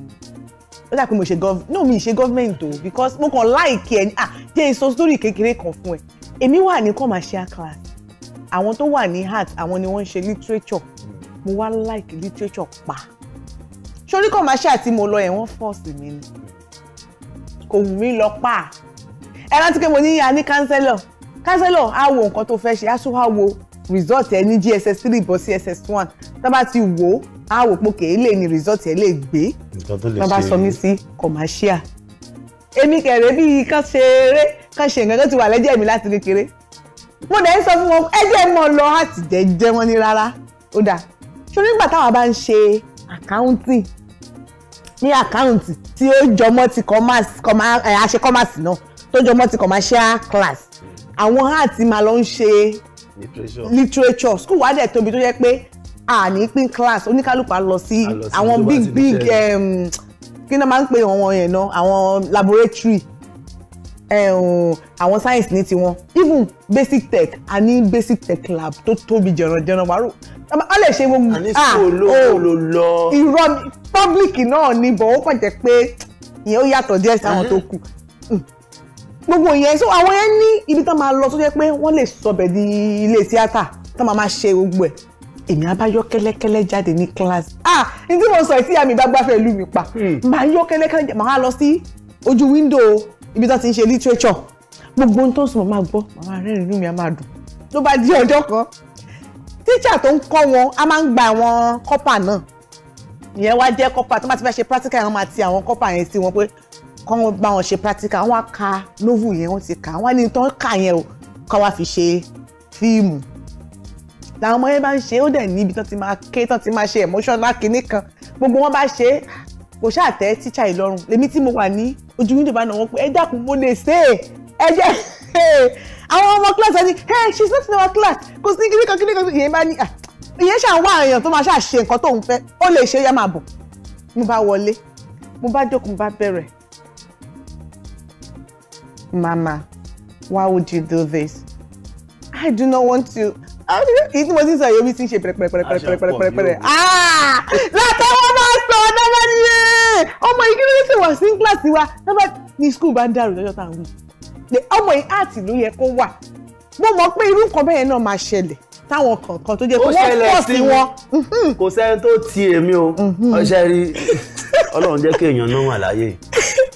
ó dà pé mo ṣe government. no mi ṣe government o because mo kàn láìkí ẹ ní ah jẹ́ ìsọ sórí kékeré kan fún ẹ èmi wà ní commercial class àwọn tó wà ní art àwọn ni wọ́n ń ṣe literature mo wá like literature pa sórí commercial tí mo lọ yẹn wọ́n force mi ni kò wù mí lọ pa ẹ rántí pé mo ní a ní kánsẹ́lọ̀ kánsẹ́lọ̀ á wo nǹkan tó fẹ́ ṣe á tún wá wo result ẹ ní gss three bọ́ sí ss one tó bá ti wò ó á wò pé kèé lè ní result ẹ lè gbé tó bá sọ mí sí commercial èmi kẹ̀rẹ́ bíi kán ṣe eré kán ṣe nǹkan tó ti wà lẹ́jẹ̀ mi láti kékeré mo dẹ̀ ń sọ fún wọn ẹ jẹ́ lọ àtìjẹ́ jẹ́ wọ́n ní rárá ó dáa ṣorí nígbà táwa bá ń ṣe àkáǹtì ní àkáǹtì tí ó jọmọ́ ti commerce àṣẹ commerce náà tó jọmọ́ ti commercial class àwọn áàtì máa lọ ń ṣe literature school wa dẹ̀ tóbi tó yẹ pé àní pín class oníkálùkù á lọ sí àwọn big big kí ni wọ́n máa ń pè wọ́n yẹn náà àwọn laboratory Eh, àwọn science ní tiwọn even basic tech a ní basic tech lab tó tóbi jẹranjẹran wàá rò a lè ṣe gbogbo ah oh, lọ irọ́ public náà ni bọ̀ ó kàn jẹ́ pé ìyẹn ó yàtọ̀ díẹ̀ sí àwọn tó kù hmm. gbogbo yẹn so àwọn yẹn ní ibi tán máa lọ tó jẹ́ pé wọ́n lè sọbẹ̀ di ilé tíátà tán máa máa ṣe gbogbo ẹ̀ èmi á bá jáde ní kíláàsì ah ní tí mo sọ ìtí àmì ìbá gbáfẹ́ ìlú mi pa hmm. màá yọ kẹ́lẹ́kẹ́lẹ́ màá lọ sí ojú wíńdò ibi tó ti ń ṣe literature gbogbo ohun tó ń sọ màmá gbọ́ màmá rẹ́rìn inú mi á máa dùn ló bá di ọjọ́ kan tíṣà tó ń kọ́ wọn a máa ń gba àwọn kọ́pà náà ìyẹn wá jẹ́ kọ́pà tó bá ti fẹ́ ṣe practical yẹn wọ́n máa ti àwọn kọ́pà yẹn sí wọn pé kọ́ wọn bá wọn ṣe practical wọ́n á ka novel yẹn wọ́n ti kà wọ́n á ní tán kà yẹn o kọ́ wá fi ṣe fíìmù làwọn ọmọ yẹn bá ń ṣe ó dẹ̀ níbi tán ti máa ké tán ti máa ṣe emotional kinní kan gbogbo wọn bá ṣe kò ṣáà tẹ́ tíṣà yìí lèmi tí mo wà ní ojú wíńdò bá náà wọ́n pé ẹ dákun mo lè ṣe é ẹ jẹ́ àwọn ọmọ class ẹni hey she's not in our class kò sí kíní kan kíní kan ìyẹn bá ní ah. ìyẹn ṣáà ń wá èèyàn tó máa ṣáà ṣe nǹkan tóun fẹ́ ó lè ṣe é yá máa bọ̀ mo bá wọlé mo bá jókòó mo bá bẹ̀rẹ̀ mama why would you do this i do not want to ìdí mo ti sọ yẹn mi ti ń ṣe pẹ̀rẹ̀pẹ̀rẹ̀pẹ̀rẹ̀pẹ̀rẹ̀pẹ̀rẹ̀pẹ̀rẹ̀ ah látọwọ́ ọmọ yìí kí ló dé sì wà sí kíláàsì wa nígbà ní skul bá ń dàrú lọ́jọ́ tá à ń wí pé ọmọ yìí áàtì ló yẹ kó wà mo mọ̀ pé irú nǹkan bẹ́ẹ̀ náà máa ṣẹlẹ̀ táwọn kọ̀ọ̀kan tó jẹ́ pé wọ́n pọ̀ sí wọn. kò sẹ́ni tó ti èmi o ọṣẹ mhm. rí ọlọ́run jẹ́ kí èèyàn náà wà láyé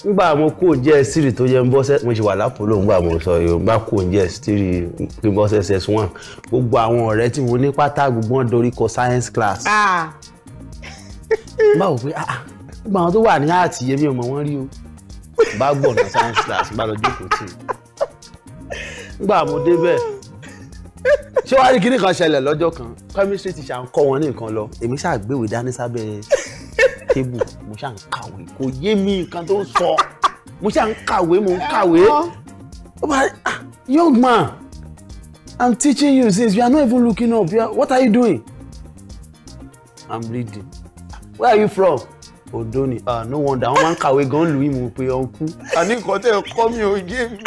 nígbà mo kó oúnjẹ sírì tó yẹ ń bọ́ mo ṣe wà lápòló nígbà mo sọ yorùbá kó oúnjẹ sírì tó ń bọ́ ss one gbogbo àwọn ọ̀rẹ́ tí mo ní pátá gbogbo wọn dorí kọ science class. Ah. báwo pé ah, ah gbogbo àwọn tó wà ní ààtì yẹmi ọmọ wọn rí o bá gbọ̀ ní science class bá lọ jókòó tì í gbà mo débẹ̀ ṣé wàá rí kíní kan ṣẹlẹ̀ lọ́jọ́ kan chemistry ti ṣà ń kọ́ wọn ní nǹkan lọ èmi ṣáà gbéwèé dání sábẹ́ tébù mo ṣáà ń kàwé kò yé mi nǹkan tó ń sọ mo ṣáà ń kàwé mo ń kàwé ó bá ah young man i'm teaching you since you are not even looking up are, what are you doing i'm reading where are you from odó ni ah no wonder wọn máa ń kàwé gan lu ìmọ̀ pé ọ̀n kú. àní nǹkan tẹ̀ kọ́ mi ò yé mi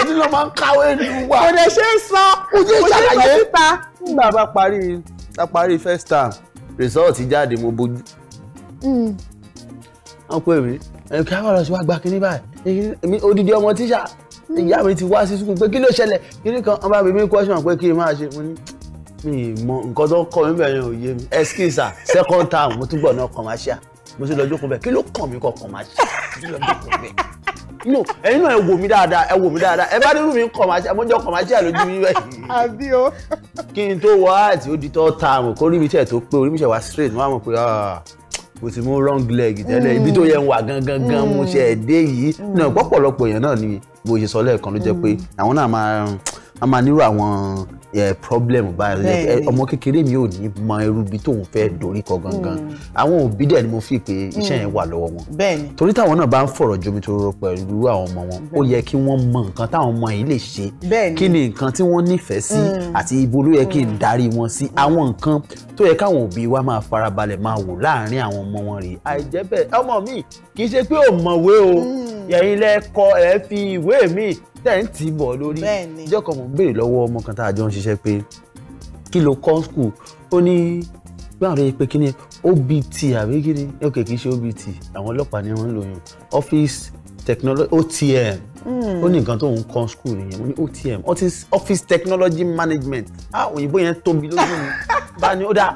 ẹni ló máa ń kàwé lu wa. kò lè ṣe é sọ kò ṣe é sọ síta. nígbà bá parí bá parí first term result jáde mo bójú. Hmm. wọ́n pè mí ẹ̀ kí a bá lọ sí wa gba kínní báyìí èmi odidi ọmọ tíṣà ìyá mi ti wá sí sukùn pé kí ló ṣẹlẹ̀ kínní kan ọba mi mi question pé kí n máa ṣe mo ní mi ì mọ nǹkan tó kọ mi bẹ̀rẹ̀ yẹn ò yé mi excuse second term mo túbọ̀ náà commercial mo sì lọ jókòó bẹ́ẹ̀ kí ló kàn mí kọkàn máa ṣe mo sì lọ jókòó bẹ́ẹ̀ no ẹ̀yin náà ẹ wò mí dáadáa ẹ wò mí dáadáa ẹ bá nínú mi ń kọmáṣíà mo jẹ́ kọmáṣíà lójú mi bẹ́ẹ̀. àbí o. kí n tó wá àti ó di ta àmọ̀ kó rí mi tẹ̀ tó pé orí mi tẹ̀ wá straight wọ́n á mọ̀ pé ah, mo ti mú wrong leg tẹ́lẹ̀ ibi tó yẹ ń wà gangan gan mo ṣe ẹ̀ dé yìí mm. náà pọ̀pọ̀lọpọ̀ èèyàn náà ni bó ṣe sọ lẹ́ẹ̀kan ló jẹ́ pé mm. àwọn náà máa máa nírò àwọn problem báyìí ọmọ kékeré mi ò ní mọ irú ibi tóun fẹ́ mm. dorí kọ gangan mm. àwọn òbí dẹ̀ ni mo fi pé mm. iṣẹ́ yẹn wà lọ́wọ́ wọn torí táwọn náà bá ń fọ̀rọ̀ jomi tó rọ pẹ̀lú àwọn ọmọ wọn ó yẹ kí wọ́n mọ nǹkan táwọn ọmọ yìí lè ṣe kí ni nǹkan tí wọ́n nífẹ̀ẹ́ sí àti ibo ló yẹ kí n darí wọn sí àwọn nǹkan tó yẹ káwọn òbí wa máa farabalẹ̀ máa wò láàárín àwọn ọmọ wọn rèé àìjẹ́ bẹ́ẹ̀ ọmọ mi kì í ṣe pé ò mọ̀wé o yẹ̀yin lẹ́kọ́ ẹ̀ fi ìwé mi tẹ̀ ń tì bọ̀ lórí ìjọ kan mò ń béèrè lọ́wọ́ ọmọ kan tá a jọ ń ṣiṣẹ́ pé kí ló kọ́ skul ó ní gbọ́n pé kí ni obt àbí kí ni ok kì í ṣe obt àwọn ọlọ́pàá ni wọ́n ń lò yàn office technology otm hmm. ó ní nǹkan tó ń kọ́ skul nìyẹn mo ní otm office technology management ah òyìnbó yẹn tóbi lójú mi bá ní ó dáa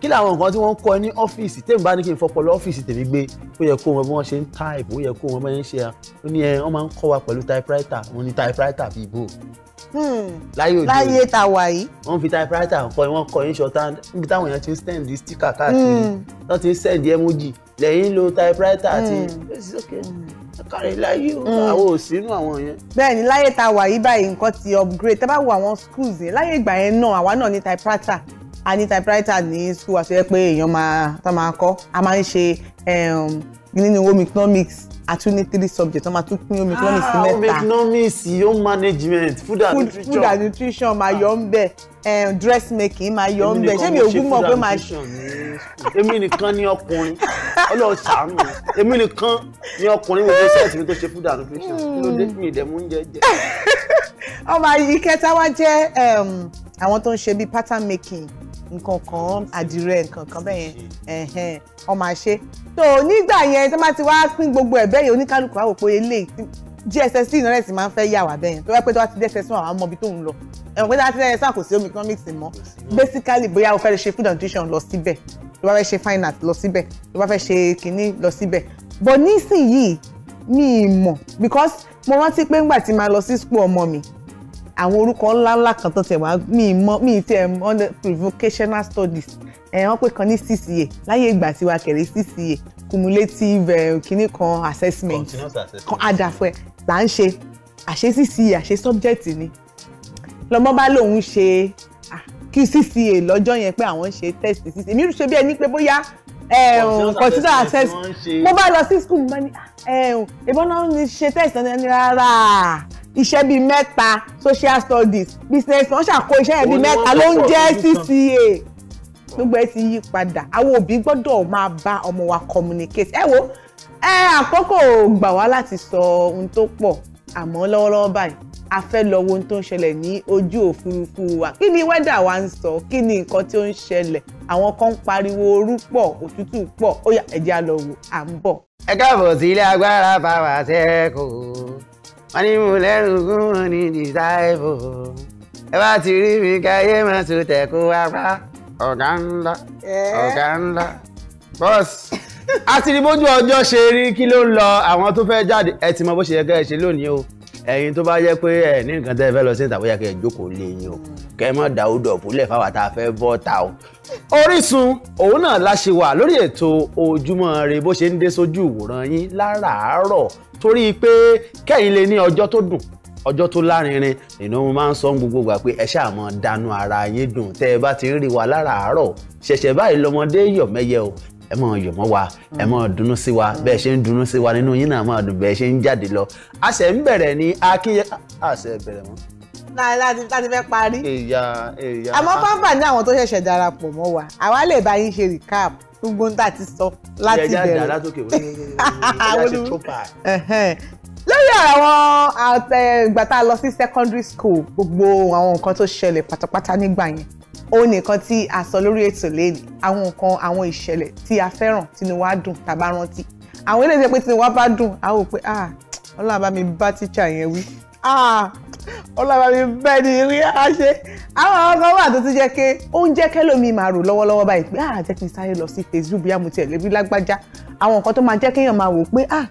kí làwọn nǹkan tí wọ́n kọ́ ní ọ́fíìsì tèmi bá ní kí n fọpọlọ ọ́fíìsì tèmi gbé ó yẹ kó wọn bí wọ́n ṣe ń táìpù ó yẹ kó wọn bí wọ́n ṣe ń ó ní ẹ wọ́n máa ń kọ́ wa pẹ̀lú táìpúráìtà wọ́n ní táìpúráìtà bíi bò. Hmm. láyé òde láyé ta wà wọ́n fi táìpúráìtà kọ́ wọ́n kọ́ yín ṣọ́tá níbi táwọn èèyàn ti ń send stika káàkiri hmm. wọ́n ti ń send emoji lẹ́yìn lo táìpúráìtà àti hmm. kárí láyé àwọn ò sínú àwọn yẹn. bẹ́ẹ̀ ni láyé ta wà báyìí nǹkan ti upgrade tá bá wo àwọn schools yẹn láyé ìgbà yẹn náà àwa náà ní typewriter a ní typewriter ní school àṣeyẹ pé èèyàn máa tá máa kọ́ a máa ń ṣe ehm, nínú home economics a tún ní three subjects wọ́n máa tún pín home sí ah, mẹ́ta. home economics home management food and nutrition food and nutrition máa yọ ń bẹ̀ ehm, dressmaking máa yọ ń bẹ̀ ṣé mi ò gún mọ̀ pé máa ṣe. èmi nìkan ni ọkùnrin ọlọ́run ṣàánú èmi nìkan ni ọkùnrin wo sẹ́ẹ̀tì mi tó ṣe food and nutrition kí ló dé mi ìdẹ̀mú ń jẹ jẹ. ọmọ ìkẹta wa jẹ́ ehm, àwọn tó ń ṣe bíi pattern making nǹkan kan àdìrẹ nǹkan kan bẹ́ẹ̀ yẹn ó máa ṣe tó nígbà yẹn tó máa ti wá pín gbogbo ẹ̀ bẹ́ẹ̀ yẹn oníkálukú á wò pé eléyìí GSS náà rẹ̀ sì máa ń fẹ́ yà wá bẹ́ẹ̀ yẹn tó wá pé tó wá ti dẹ́sẹ̀ sún àwọn ọmọ ibi tó ń lọ ẹ̀wọ̀n pé tó wá ti dẹ́sẹ̀ sún kò sí home economics mọ́ basically bóyá o fẹ́ ṣe food and nutrition lọ síbẹ̀ tó bá fẹ́ ṣe fine art lọ síbẹ̀ tó bá fẹ́ ṣe kínní lọ síbẹ̀ but nísìnyìí mi ì mọ̀ because mo rántí pé ńgbà tí máa lọ sí school ọmọ mi àwọn orúkọ ńláńlá kan tó tẹ̀ wá mi mọ mi tiẹ̀ mọ prevocational studies ẹ̀ wọ́n pè kan ní CCA láyé ìgbà tí wàá kẹ̀lé CCA cumulative eh, kínní kan assessment kan àdàfẹ́ là ń ṣe àṣẹ CCA àṣẹ subject ni lọ́mọ bá lòun ṣe kí CCA lọ́jọ́ yẹn pé àwọn ń ṣe test CCA mi ṣe bí ẹni pé bóyá consider access mo bá lọ sí school mo bá ní ẹ̀ẹ́n ìbọn náà ń ṣe test rárá iṣẹ́ bíi mẹ́ta social studies business wọ́n ṣàkó iṣẹ́ yẹn bíi mẹ́ta ló ń jẹ́ CCA gbogbo ẹ ti yí padà àwọn òbí gbọ́dọ̀ máa bá ọmọ wa communicate ẹ wo ẹ àkókò gbà wá láti sọ ohun tó pọ̀ àmọ́ lọ́wọ́lọ́wọ́ báyìí a fẹ́ lọ wo ohun tó ń ṣẹlẹ̀ ní ojú òfurufú wa kí ni wẹ́dà wa ń sọ kí ni nǹkan tí ó ń ṣẹlẹ̀ àwọn kan ń pariwo ooru pọ̀ òtútù pọ̀ ó yá ẹ jẹ́ á à ń bọ̀. ẹ káàbọ̀ sí ilé agbára bá wa ṣẹ́kọ̀ọ́ wọ́n ní mo lẹ́rù gún wọn ní dìsáìbò ẹ bá ti rí mi káyé má so tẹ̀kú apá ọ̀gá ńlá ọ̀gá ńlá bọ́ọ̀sì. a ti rí bójú ọjọ́ ṣe rí kí ló ń lọ àwọn tó fẹ́ jáde ẹ ti mọ bó ṣe yẹ kẹ́ ẹ ṣe lónìí o ẹ̀yin tó bá jẹ́ pé ẹ ní nǹkan tẹ́ ẹ lọ sí ìta bóyá kẹ́ lé yín o kẹ́ ẹ má dà ó tá a fẹ́ bọ́ ta o. Orísun òun náà la ṣe wà lórí ètò Ojúmọ́ Ire bó ṣe ń dé sójú ìwòran yín láràárọ̀ torí pé kẹ́yìn lè ní ọjọ́ tó dùn ọjọ́ tó lárinrin nínú mo máa ń sọ gbogbo gbà pé ẹ ṣáà mọ dànù ara yín dùn tẹ́ ẹ bá ti ń rí wa láràárọ̀ ṣẹ̀ṣẹ̀ báyìí lọmọdé yọ̀mẹ́yẹ o ẹ máa yọ̀ mọ́ wa ẹ máa dunnú sí wa bẹ́ẹ̀ ṣe ń dunnú sí wa nínú yín náà máa dùn bẹ́ẹ̀ ṣe ń jáde lọ a ṣe ń bẹ̀rẹ̀ ní akínyẹ a ṣe bẹ̀rẹ̀ mọ́. láti láti fẹ́ parí. èyà èyà àmọ́ fáfà ní àwọn tó ṣẹ̀ṣẹ̀ darapọ̀ mọ́ wa àwa lè bá yín ṣe recap gbogbo ń tà ti sọ láti bẹ̀rẹ̀. lórí àwọn ìgbà lọ sí secondary school gbogbo àwọn nǹkan tó ṣẹlẹ̀ pátápátá nígbà yẹn ó nìkan tí a sọ lórí ètò lẹ́nu àwọn nǹkan àwọn ìṣẹ̀lẹ̀ tí a fẹ́ràn tínú wa dùn tàbá rántí àwọn eléyìí pé tínú wa bá dùn a ò pé ah ọlọ́run bá mi bá tíṣà yẹn wí ah ọlọ́run bá mi bẹ́ẹ̀ ni rí ara ṣe àwọn àwọn wà tó ti jẹ́ pé ó ń jẹ́ kẹ́lòmí máa rò lọ́wọ́lọ́wọ́ báyìí pé ah jẹ́ kí n sáré lọ sí Facebook bí amútiẹ̀ lè rí lágbájá àwọn nǹkan tó máa jẹ́ kéèyàn máa wò pé ah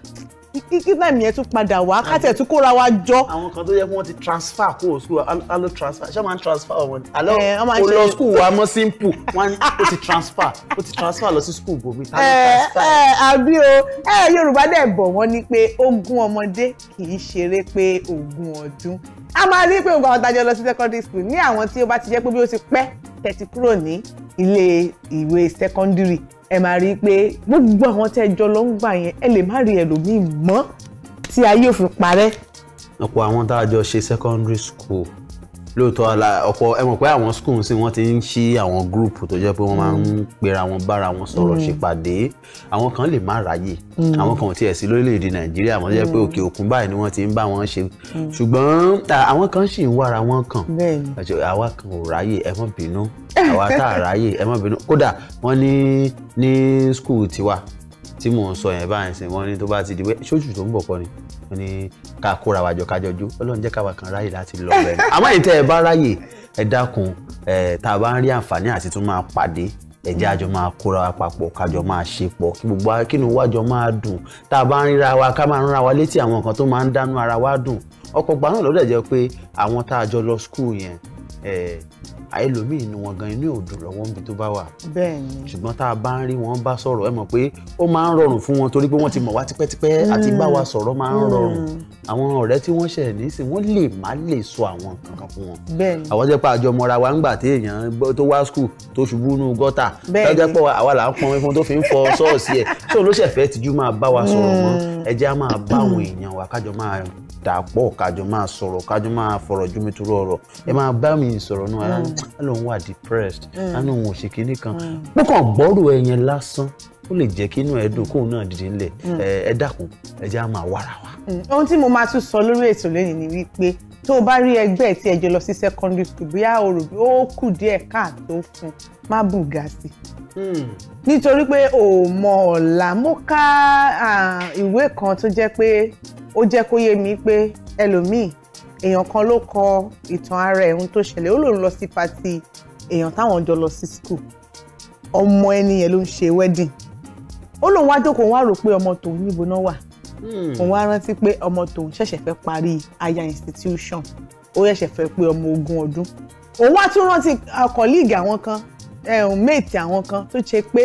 kí náà ìyẹn tún padà wá kátẹ̀ tún kóra wa jọ. àwọn kan tó yẹ kí wọ́n ti transfer kúrò school alo transfer ṣé wọ́n transfer ọmọ alo o lọ school wa mọ́ simple wọ́n ah, o ti transfer o ti transfer lọ sí school bòmí. ẹ ẹ àbí o ẹ Yorùbá dẹ̀ bọ̀ wọ́n ní pé ogún ọmọdé kì í ṣeré pé ogún ọdún a máa rí pé ògbà ọ̀dájọ́ lọ sí secondary school ní àwọn tí o bá ti jẹ́ pé bí ó ti pẹ́ tẹ̀ ti kúrò ní ilé ìwé secondary ẹ máa rí i pé gbogbo àwọn tẹ́ jọ lọ ń gbà yẹn ẹ lè má rí ẹlòmíì mọ́ tí ayé òfin parẹ́. ọ̀pọ̀ àwọn tá a jọ ṣe secondary school lóòótọ́ ọ̀pọ̀ ẹ mọ̀ pé àwọn school sí wọ́n ti ń ṣí àwọn group tó jẹ́ pé wọ́n máa ń mm. pera wọn bára wọn sọ̀rọ̀ mm. ṣèpàdé àwọn kan lè má ráyè mm. àwọn kan ò tiẹ̀ sí lórílẹ̀‐èdè nàìjíríà wọ́n jẹ́ pé òkè òkun báyìí ni wọ́n ti ń bá wọn ṣe ṣùgbọ́n àwọn kan sì ń wára wọn kàn àwa kan ò ráyè ẹ má bínú àwa tá a ráyè ẹ má bínú kódà wọ́n ní ní school tiwa tí mò ń sọ yẹn báyìí sìn wọ́n ní tó bá ti di pé ṣóṣù tó ń bọ̀ kọ́ ni wọ́n ní ká kóra wájọ kájọ jó ọlọ́run káwa kan ráyè láti lọ bẹ́ẹ̀ àmọ́ èyí tẹ́ ẹ bá ráyè ẹ dákun ẹ tá a bá ń rí àǹfààní àti tún máa pàdé ẹ àjọ máa kóra wa papọ̀ kájọ máa ṣe pọ̀ kí gbogbo akínú wájọ máa dùn tá a bá ń ríra wa ká máa ń ra wa létí àwọn nǹkan tó máa ń dánú ara wa dùn ọ̀pọ̀ gbà náà ló jẹ́ pé àwọn tá a jọ lọ skul yẹn àìlòmíì inú wọn gan inú òdùn lọ́wọ́ níbi tó bá wà. bẹ́ẹ̀ni. ṣùgbọ́n tá a bá ń rí wọn bá sọ̀rọ̀ ẹ mọ̀ pé ó máa ń rọrùn fún wọn torí pé wọ́n ti mọ̀ wá tipẹ́tipẹ́ àti bá wa sọ̀rọ̀ máa ń mm. rọrùn àwọn ọ̀rẹ́ tí wọ́n ṣẹ̀ ní sí wọ́n lè má lè sọ àwọn kankan fún wọn. bẹ́ẹ̀ni. àwọn jẹ́ pé àjọ mọ́ra wa ń gbà tí èèyàn tó wá skul tó ṣubú nú gọ́tà. bẹ́ẹ̀ni. tó jẹ́ pé àwa là ń pọn fún tó fi ń fọ ṣọ́ọ̀ṣì ẹ̀ tó ló ṣẹ̀fẹ́ tìjú máa bá wa sọ̀rọ̀ mọ́ hmm. ẹ jẹ́ á máa bá àwọn èèyàn wa kájọ máa dà pọ̀ kájọ máa sọ̀rọ̀ kájọ máa fọ̀rọ̀ jumi turu ọ̀rọ̀ ẹ máa bá mi sọ̀rọ̀ náà ẹ hmm. lóun wà depressed ẹ hmm. lóun ò ṣe kinní kan púpọ̀ gbọ́rù ẹ̀yẹn lásán ó lè jẹ́ kí ẹ dùn kóun náà dìde ńlẹ̀ ẹ dákun ẹ jẹ́ á máa wára wa. ohun tí mo máa tún sọ lórí ètò lónìí ni wípé tó o bá rí ẹgbẹ́ ẹ̀ tí ẹ jọ lọ sí secondary school bóyá o rò ó kù díẹ̀ káàtó fún má bùgà sí hmm. nítorí pé o mọ ọ̀la mo ka ìwé kan tó jẹ́ pé ó jẹ́ kó yé mi pé ẹlòmíì èèyàn kan ló kọ ìtàn ara ẹ̀ ohun tó ṣẹlẹ̀ ó lòun lọ sí pati èèyàn táwọn jọ lọ sí school ọmọ ẹni yẹn ló ń ṣe wedding ó lòun wá jókòó wá rò pé ọmọ tòun níbo náà wà òun hmm. wá rántí pé ọmọ tòun ṣẹ̀ṣẹ̀ fẹ́ parí aya institution ó ṣẹ̀ṣẹ̀ fẹ́ pé ọmọ ogún ọdún òun wá tún rántí kọ̀líìgì uh, àwọn kan méètì um, àwọn kan tó ṣe pé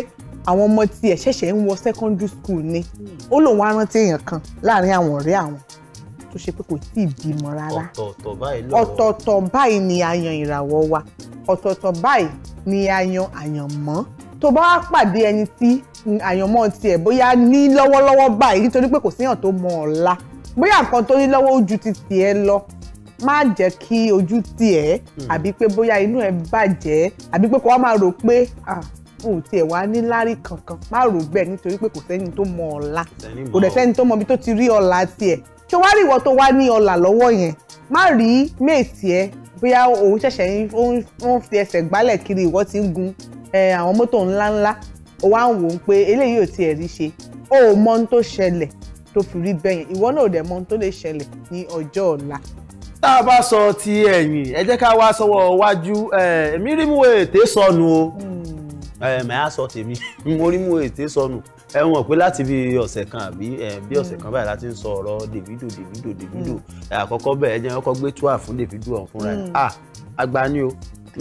àwọn ọmọ tiẹ̀ ṣẹ̀ṣẹ̀ ń wọ secondary school ni hmm. ó lòun wá rántí èèyàn kan láàrin àwọn ọ̀rẹ́ àwọn tó ṣe pé kò tí ì bímọ rárá ọ̀tọ̀ọ̀tọ̀ báyìí ni a yan ìràwọ̀ wa ọ̀tọ̀ọ̀tọ̀ báyìí ni a yan àyànmọ́ tó bá wá pàdé ẹni tí àyànmọ́ tiẹ̀ bóyá ní lọ́wọ́lọ́wọ́ báyìí nítorí pé kò síyàn tó mọ ọ̀la bóyá nǹkan tó ní lọ́wọ́ ojú ti tiẹ̀ lọ má jẹ́ kí ojú tiẹ̀ hmm. àbí pé bóyá inú ẹ̀ bàjẹ́ àbí pé kò wá máa rò pé òun tiẹ̀ wá ní lárí kankan má rò bẹ́ẹ̀ nítorí pé kò sẹ́ni tó mọ ọ̀la kò dẹ̀ sẹ́ni tó mọ ibi tó ti rí ọ̀la tiẹ̀ ṣé wá rí ìwọ tó wá ní ọ̀la lọ́wọ́ yẹn má rí méètì ẹ bóyá òun ṣẹ̀ṣẹ̀ ń fi ẹsẹ̀ gbálẹ̀ kiri ìwọ ti ń gun àwọn mọ́tò ńláńlá o wá ń wò ó pé eléyìí ò tiẹ̀ rí ṣe o ò mọ ohun tó ṣẹlẹ̀ tó fi rí bẹ́yẹn ìwọ náà ò dẹ̀ mọ ohun tó lè ṣẹlẹ̀ ní ọjọ́ ọ̀la tá a bá sọ ti ẹ̀yìn ẹ jẹ́ ká wá sọ́wọ́ wájú èmi rí mú ètè sọnù o hmm. ẹ̀mẹ́ á sọ tèmi mo rí mú ètè sọnù ẹ mọ̀ pé láti bí ọ̀sẹ̀ kan àbí bí hmm. ọ̀sẹ̀ kan báyìí láti ń sọ ọ̀rọ̀ Davido Davido Davido hmm. àkọ́kọ́ bẹ́ẹ̀ ẹ jẹ́ kọ́kọ́ gbé túwà fún Davido ọ̀hún fúnra ẹ̀ ah, àgbà ni o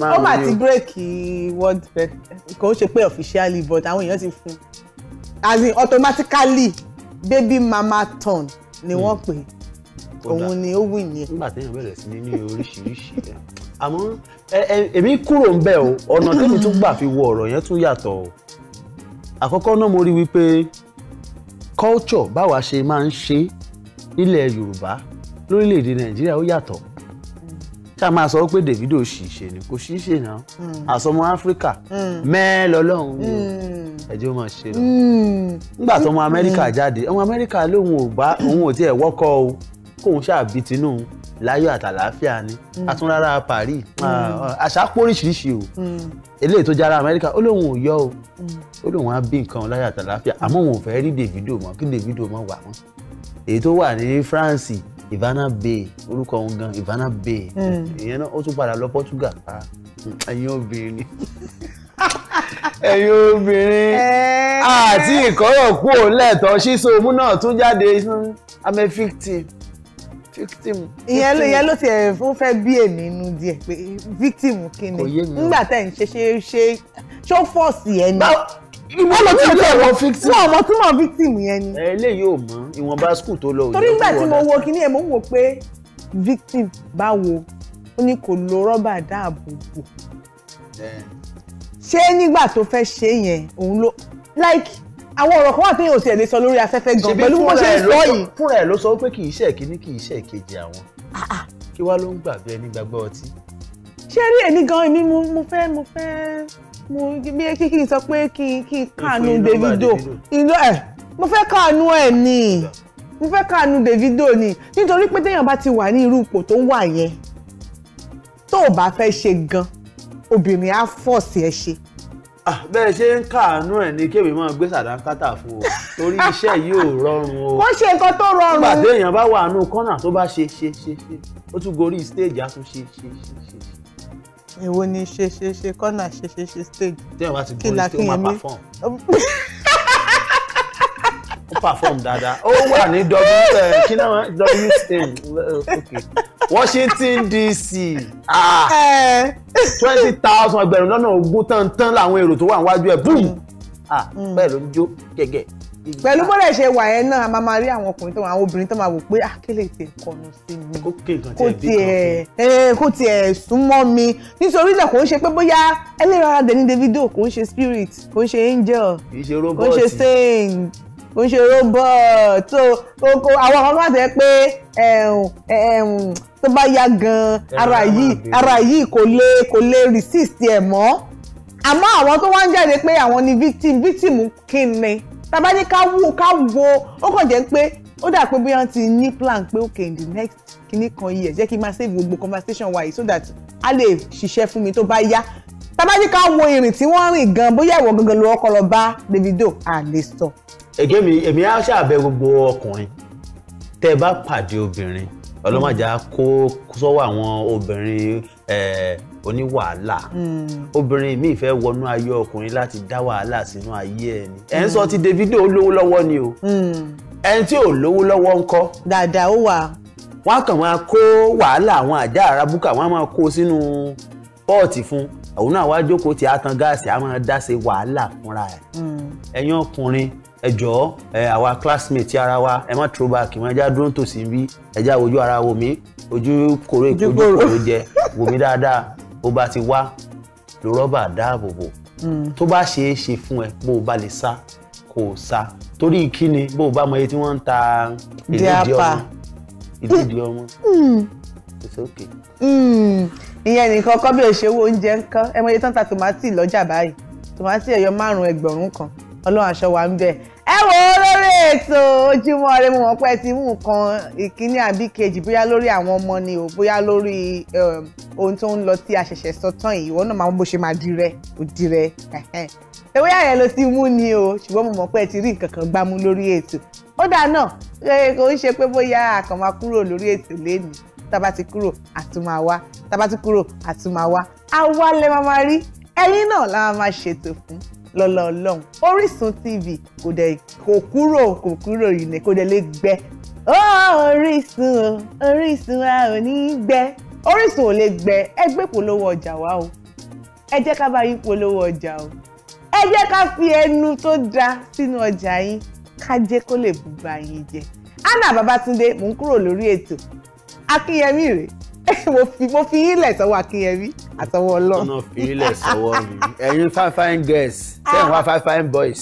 ó mà ti bírèkì world bet kò ṣe pé officially but àwọn èèyàn ti fún as in automatically baby mama turn ni wọ́n hmm. pè òun ni ó win yẹn. nígbà téèyàn bẹ̀rẹ̀ sí ní ní oríṣiríṣi àmọ́ èmi kúrò ń bẹ̀ o ọ̀nà tèmi tún gbà fi wo ọ̀rọ̀ yẹn tún yàtọ̀ o àkọ́kọ́ náà mo rí wípé culture báwa ṣe máa ń ṣe nílẹ̀ Yorùbá lórílẹ̀‐èdè Nàìjíríà ó yàtọ̀ ṣá máa sọ pé Davido ṣìṣe ni kò ṣìṣe náà àsọmọ hmm. Áfíríkà hmm. mẹ́ẹ̀lọ́lọ́hún ni hmm. ẹ̀jẹ̀ ó máa ṣe lọ. nígbà tó ọmọ Amẹ́ríkà jáde ọmọ Amẹ́ríkà lóun ò bá òun ò tiẹ̀ wọ́kọ̀ o kóun ṣàbí tinú láyọ̀ àtàlàáfíà ni atúnrara Paris àṣà póríṣiríṣi o eléyìí tó jára Amẹ́ríkà ó lóun ò yọ o ó lóun á bí nǹkan láyọ̀ àtàlàáfíà àmọ́ òun ò fẹ́ rí Davido mọ́ kí Davido mọ́ wà mọ́ èyí tó wà ní France Ivana Bay orúkọ òun gan Ivana Bay hmm. ìyẹn náà ó tún padà lọ Portugal ah, ẹ̀yin obìnrin ni ẹ̀yin obìnrin eh. àti ìkọ́rọ̀ kú ò lẹ́ẹ̀tọ́ ṣíṣe òmù náà tún jáde I'm a victim victim. ìyẹn ló ìyẹn ló ti ẹ̀ fún fẹ́ bí èmi nu díẹ̀ pé victim kí ni nígbà tẹ̀ ń ṣe ṣe ṣe ṣó fọ́ọ̀sì ẹni ìwọ ló ti lọ wọ victim. wọn ọmọ tí mo victim yẹn ni. eléyìí ò mọ ìwọ̀nba school tó lọ. torí nígbà tí mo wo kinní ẹ̀ mo ń wò pé victim báwo ó ní kò lo rọ́bà dáàbò bò. ṣé nígbà tó fẹ́ ṣe yẹn òun ló like àwọn ọ̀rọ̀ kan wà téèyàn ò tiẹ̀ lè sọ lórí afẹ́fẹ́ gan pẹ̀lú bó ṣe ń sọ yìí. fúnra ẹ̀ ló sọ pé kì í ṣe ìkíní kì í ṣe ìkejì àwọn ah, ah. kí wàá ló ń gbàgbé ẹni gbàgbọ́ ọtí. ṣé rí èmi gan èmi mo fẹ́ mo fẹ́ mo bí kí kí n sọ pé kí kí n kànú Davido ìlú ẹ mo fẹ́ kànú ẹ̀ ni mo fẹ́ kànú Davido ni nítorí pé téèyàn bá ti wà ní irú ipò tó wà yẹn tó o bá fẹ́ ṣe gan obìnrin á fọ́ọ̀sì ẹ ṣe. bẹ́ẹ̀ ṣe ń kàánú ẹ̀ ní kébì máa gbé sàdánkátà fún o torí iṣẹ́ yìí ò rọrùn o. wọ́n ṣe nǹkan tó rọrùn. nígbà téèyàn bá wà nù kọ́nà tó bá ṣe ṣe ṣe ṣe ó tún gorí stage á tún ṣe ṣe ṣe ṣe èwo ni ṣe ṣe ṣe kọ́nà ṣe ṣe ṣe stage. tẹ́ ẹ bá ti gbórí stage ó máa perform. ó perform dáadáa ó wà ní w stage eh, Washington DC ah. eh. twenty thousand ẹgbẹ̀rún lọ́nà ogún tán tán làwọn èrò tó wà níwájú ẹ̀ boom ah, mm. bẹ́ẹ̀ ló ń jó gẹ́gẹ́ pẹ̀lú bọ́dẹ̀ ṣe wà ẹ́ náà a máa máa rí àwọn ọkùnrin tó àwọn obìnrin tó máa wò pé àkélé ah, ti kọnu sí mi kó tiẹ̀ kó tiẹ̀ eh, súnmọ́ mi nítorí náà kò ń ṣe pé bóyá ẹlẹ́rìí ara dẹ̀ ní Davido kò ń ṣe spirit kò ń ṣe angel kò ń ṣe saint kò ń ṣe robot so kókó àwọn kan máa tẹ́ pé tó bá ya gan ara yìí ara yìí kò lè kò lè resist ẹ̀ mọ́ àmọ́ àwọn tó wá ń jáde pé àwọn ni victim victim kí ni tàbá ní ká wò ká wo ó kàn jẹ́ pé ó dà pé bóyá ti ní plan pé okay in the next kìíní kan yìí ẹ̀ jẹ́ kí n máa save gbogbo conversation wa yìí so that a lè ṣiṣẹ́ fún mi tó bá yá tàbá ní ká wo ìrìn tí wọ́n rìn gan bóyá ìwọ gangan ló ọkọ lọ bá Davido à sọ. èké mi èmi á ṣàbẹ gbogbo ọkùnrin tẹ ẹ bá pàdé obìnrin ọlọ́mọdé á kó sọ́wọ́ àwọn obìnrin oníwàhálà hmm. obìnrin míì fẹ́ wọnú ayé ọkùnrin láti dá wàhálà sínú ayé ẹni ẹ̀ ń hmm. sọ ti Davido olówó lọ́wọ́ ni o hmm. ẹni tí ò lówó lọ́wọ́ ń kọ́. dáadáa ó wà. wọ́n á kàn máa kó wàhálà àwọn àjà arábùkà wọ́n á máa kó sínú pọ́ọ̀tì fún òun náà wá jókòó tí a tan gáàsì a máa dá ṣe wàhálà fúnra ẹ̀. ẹ̀yin ọkùnrin ẹ jọ̀ọ́ àwa classmate ara wa ẹ má throwback mọ́ ẹjá dúró tòsí bí ẹjá wojú ara wo mi ojú kòrò ìkojú kòrò jẹ wò mí dáadáa bó bá ti wá lo rọ́bà dáàbò bò mm. tó bá é, ṣe fún ẹ bó o bá lè sá kó o sá torí kí ni bó o bá mọ iye tí wọ́n ń ta ìdíje ọmọ ìdíje ọmọ mm. it's okay. Mm. ìyẹn nìkan kọ́ bí o ṣe wo oúnjẹ ń kán ẹ mọ iye tó ń ta tòmátì lọ́jà báyìí tòmátì ẹ̀yọ márùn-ún ẹgbẹ̀rún kan ọlọ́run aṣọ wa ń bẹ̀ ẹ wo lórí ètò ojúmọ́ rẹ mo mọ̀ pé ti mú nǹkan ìkíní àbí kejì bóyá lórí àwọn ọmọ ni o bóyá lórí ehm, ohun tó ń lọ tí a ṣẹ̀ṣẹ̀ sọ tán yìí ìwọ náà máa bó ṣe máa di rẹ ò di rẹ ewé ààrẹ ló ti mú ni o ṣùgbọ́n mo mọ̀ pé ti rí nǹkan kan gbámú lórí ètò ó dáa náà kò ń ṣe pé bóyá àkàn máa kúrò lórí ètò lẹ́nu tába ti kúrò àtúmáwá tába ti kúrò àtúmáwá àwa lè máa rí ẹ̀yin náà la máa ṣètò fún lọ́lá ọlọ́run Orísun TV kò dẹ̀ kò kúrò kò kúrò yìí ni kò dẹ̀ lè gbẹ Orísun Orísun a ò ní gbẹ Orísun ò lè gbẹ ẹ polówó ọjà wá o ẹ jẹ́ ká bá yín polówó ọjà o ẹ jẹ́ ká fi ẹnu tó da sínú ọjà yín ká jẹ́ kó lè bùgbà yín jẹ Anna Babatunde mò ń kúrò lórí ètò Akínyẹmí rèé. mo fi mo fi ilẹ̀ sọ́wọ́ akínyẹmí àtọwọ́ ọlọ́run. ọ̀nà fi ilẹ̀ sọ́wọ́ mi ẹ̀yin fine fine girls ten wa fine fine boys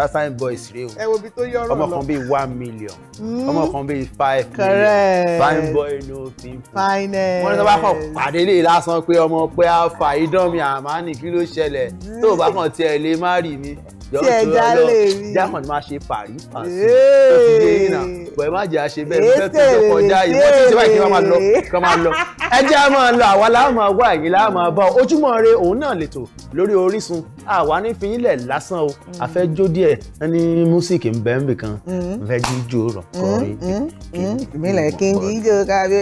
fine fine boys rèé o ẹ bíi one million hmm. ọmọ bíi five million fine boy no pimple fine wọn ní tó bá kàn pàdé lè lásán pé ọmọ pé alpha idán mi àmánì kí ló ṣẹlẹ̀ tó o bá kàn tiẹ̀ lè má rì mí tí ẹja lè rí jákàn máa ṣe pàrí pàṣẹ tó má jẹ́ àṣẹ bẹ́ẹ̀ bẹ́ẹ̀ tó jẹ́ kọjá yìí wọ́n ti ṣe báyìí kí wọ́n máa lọ kí wọ́n máa máa lọ àwa láà máa wá ẹ̀yìn láà máa bá ojúmọ́ ire òun náà lè tò lórí Orísun àwa ní fi yínlẹ̀ lásán o àfẹ́ mm. jó díẹ̀ ní músíkì ń bẹ́ ń kan fẹ́ jíjó rọ̀ kọrin. ìmílẹ̀ kí n jíjó kábé.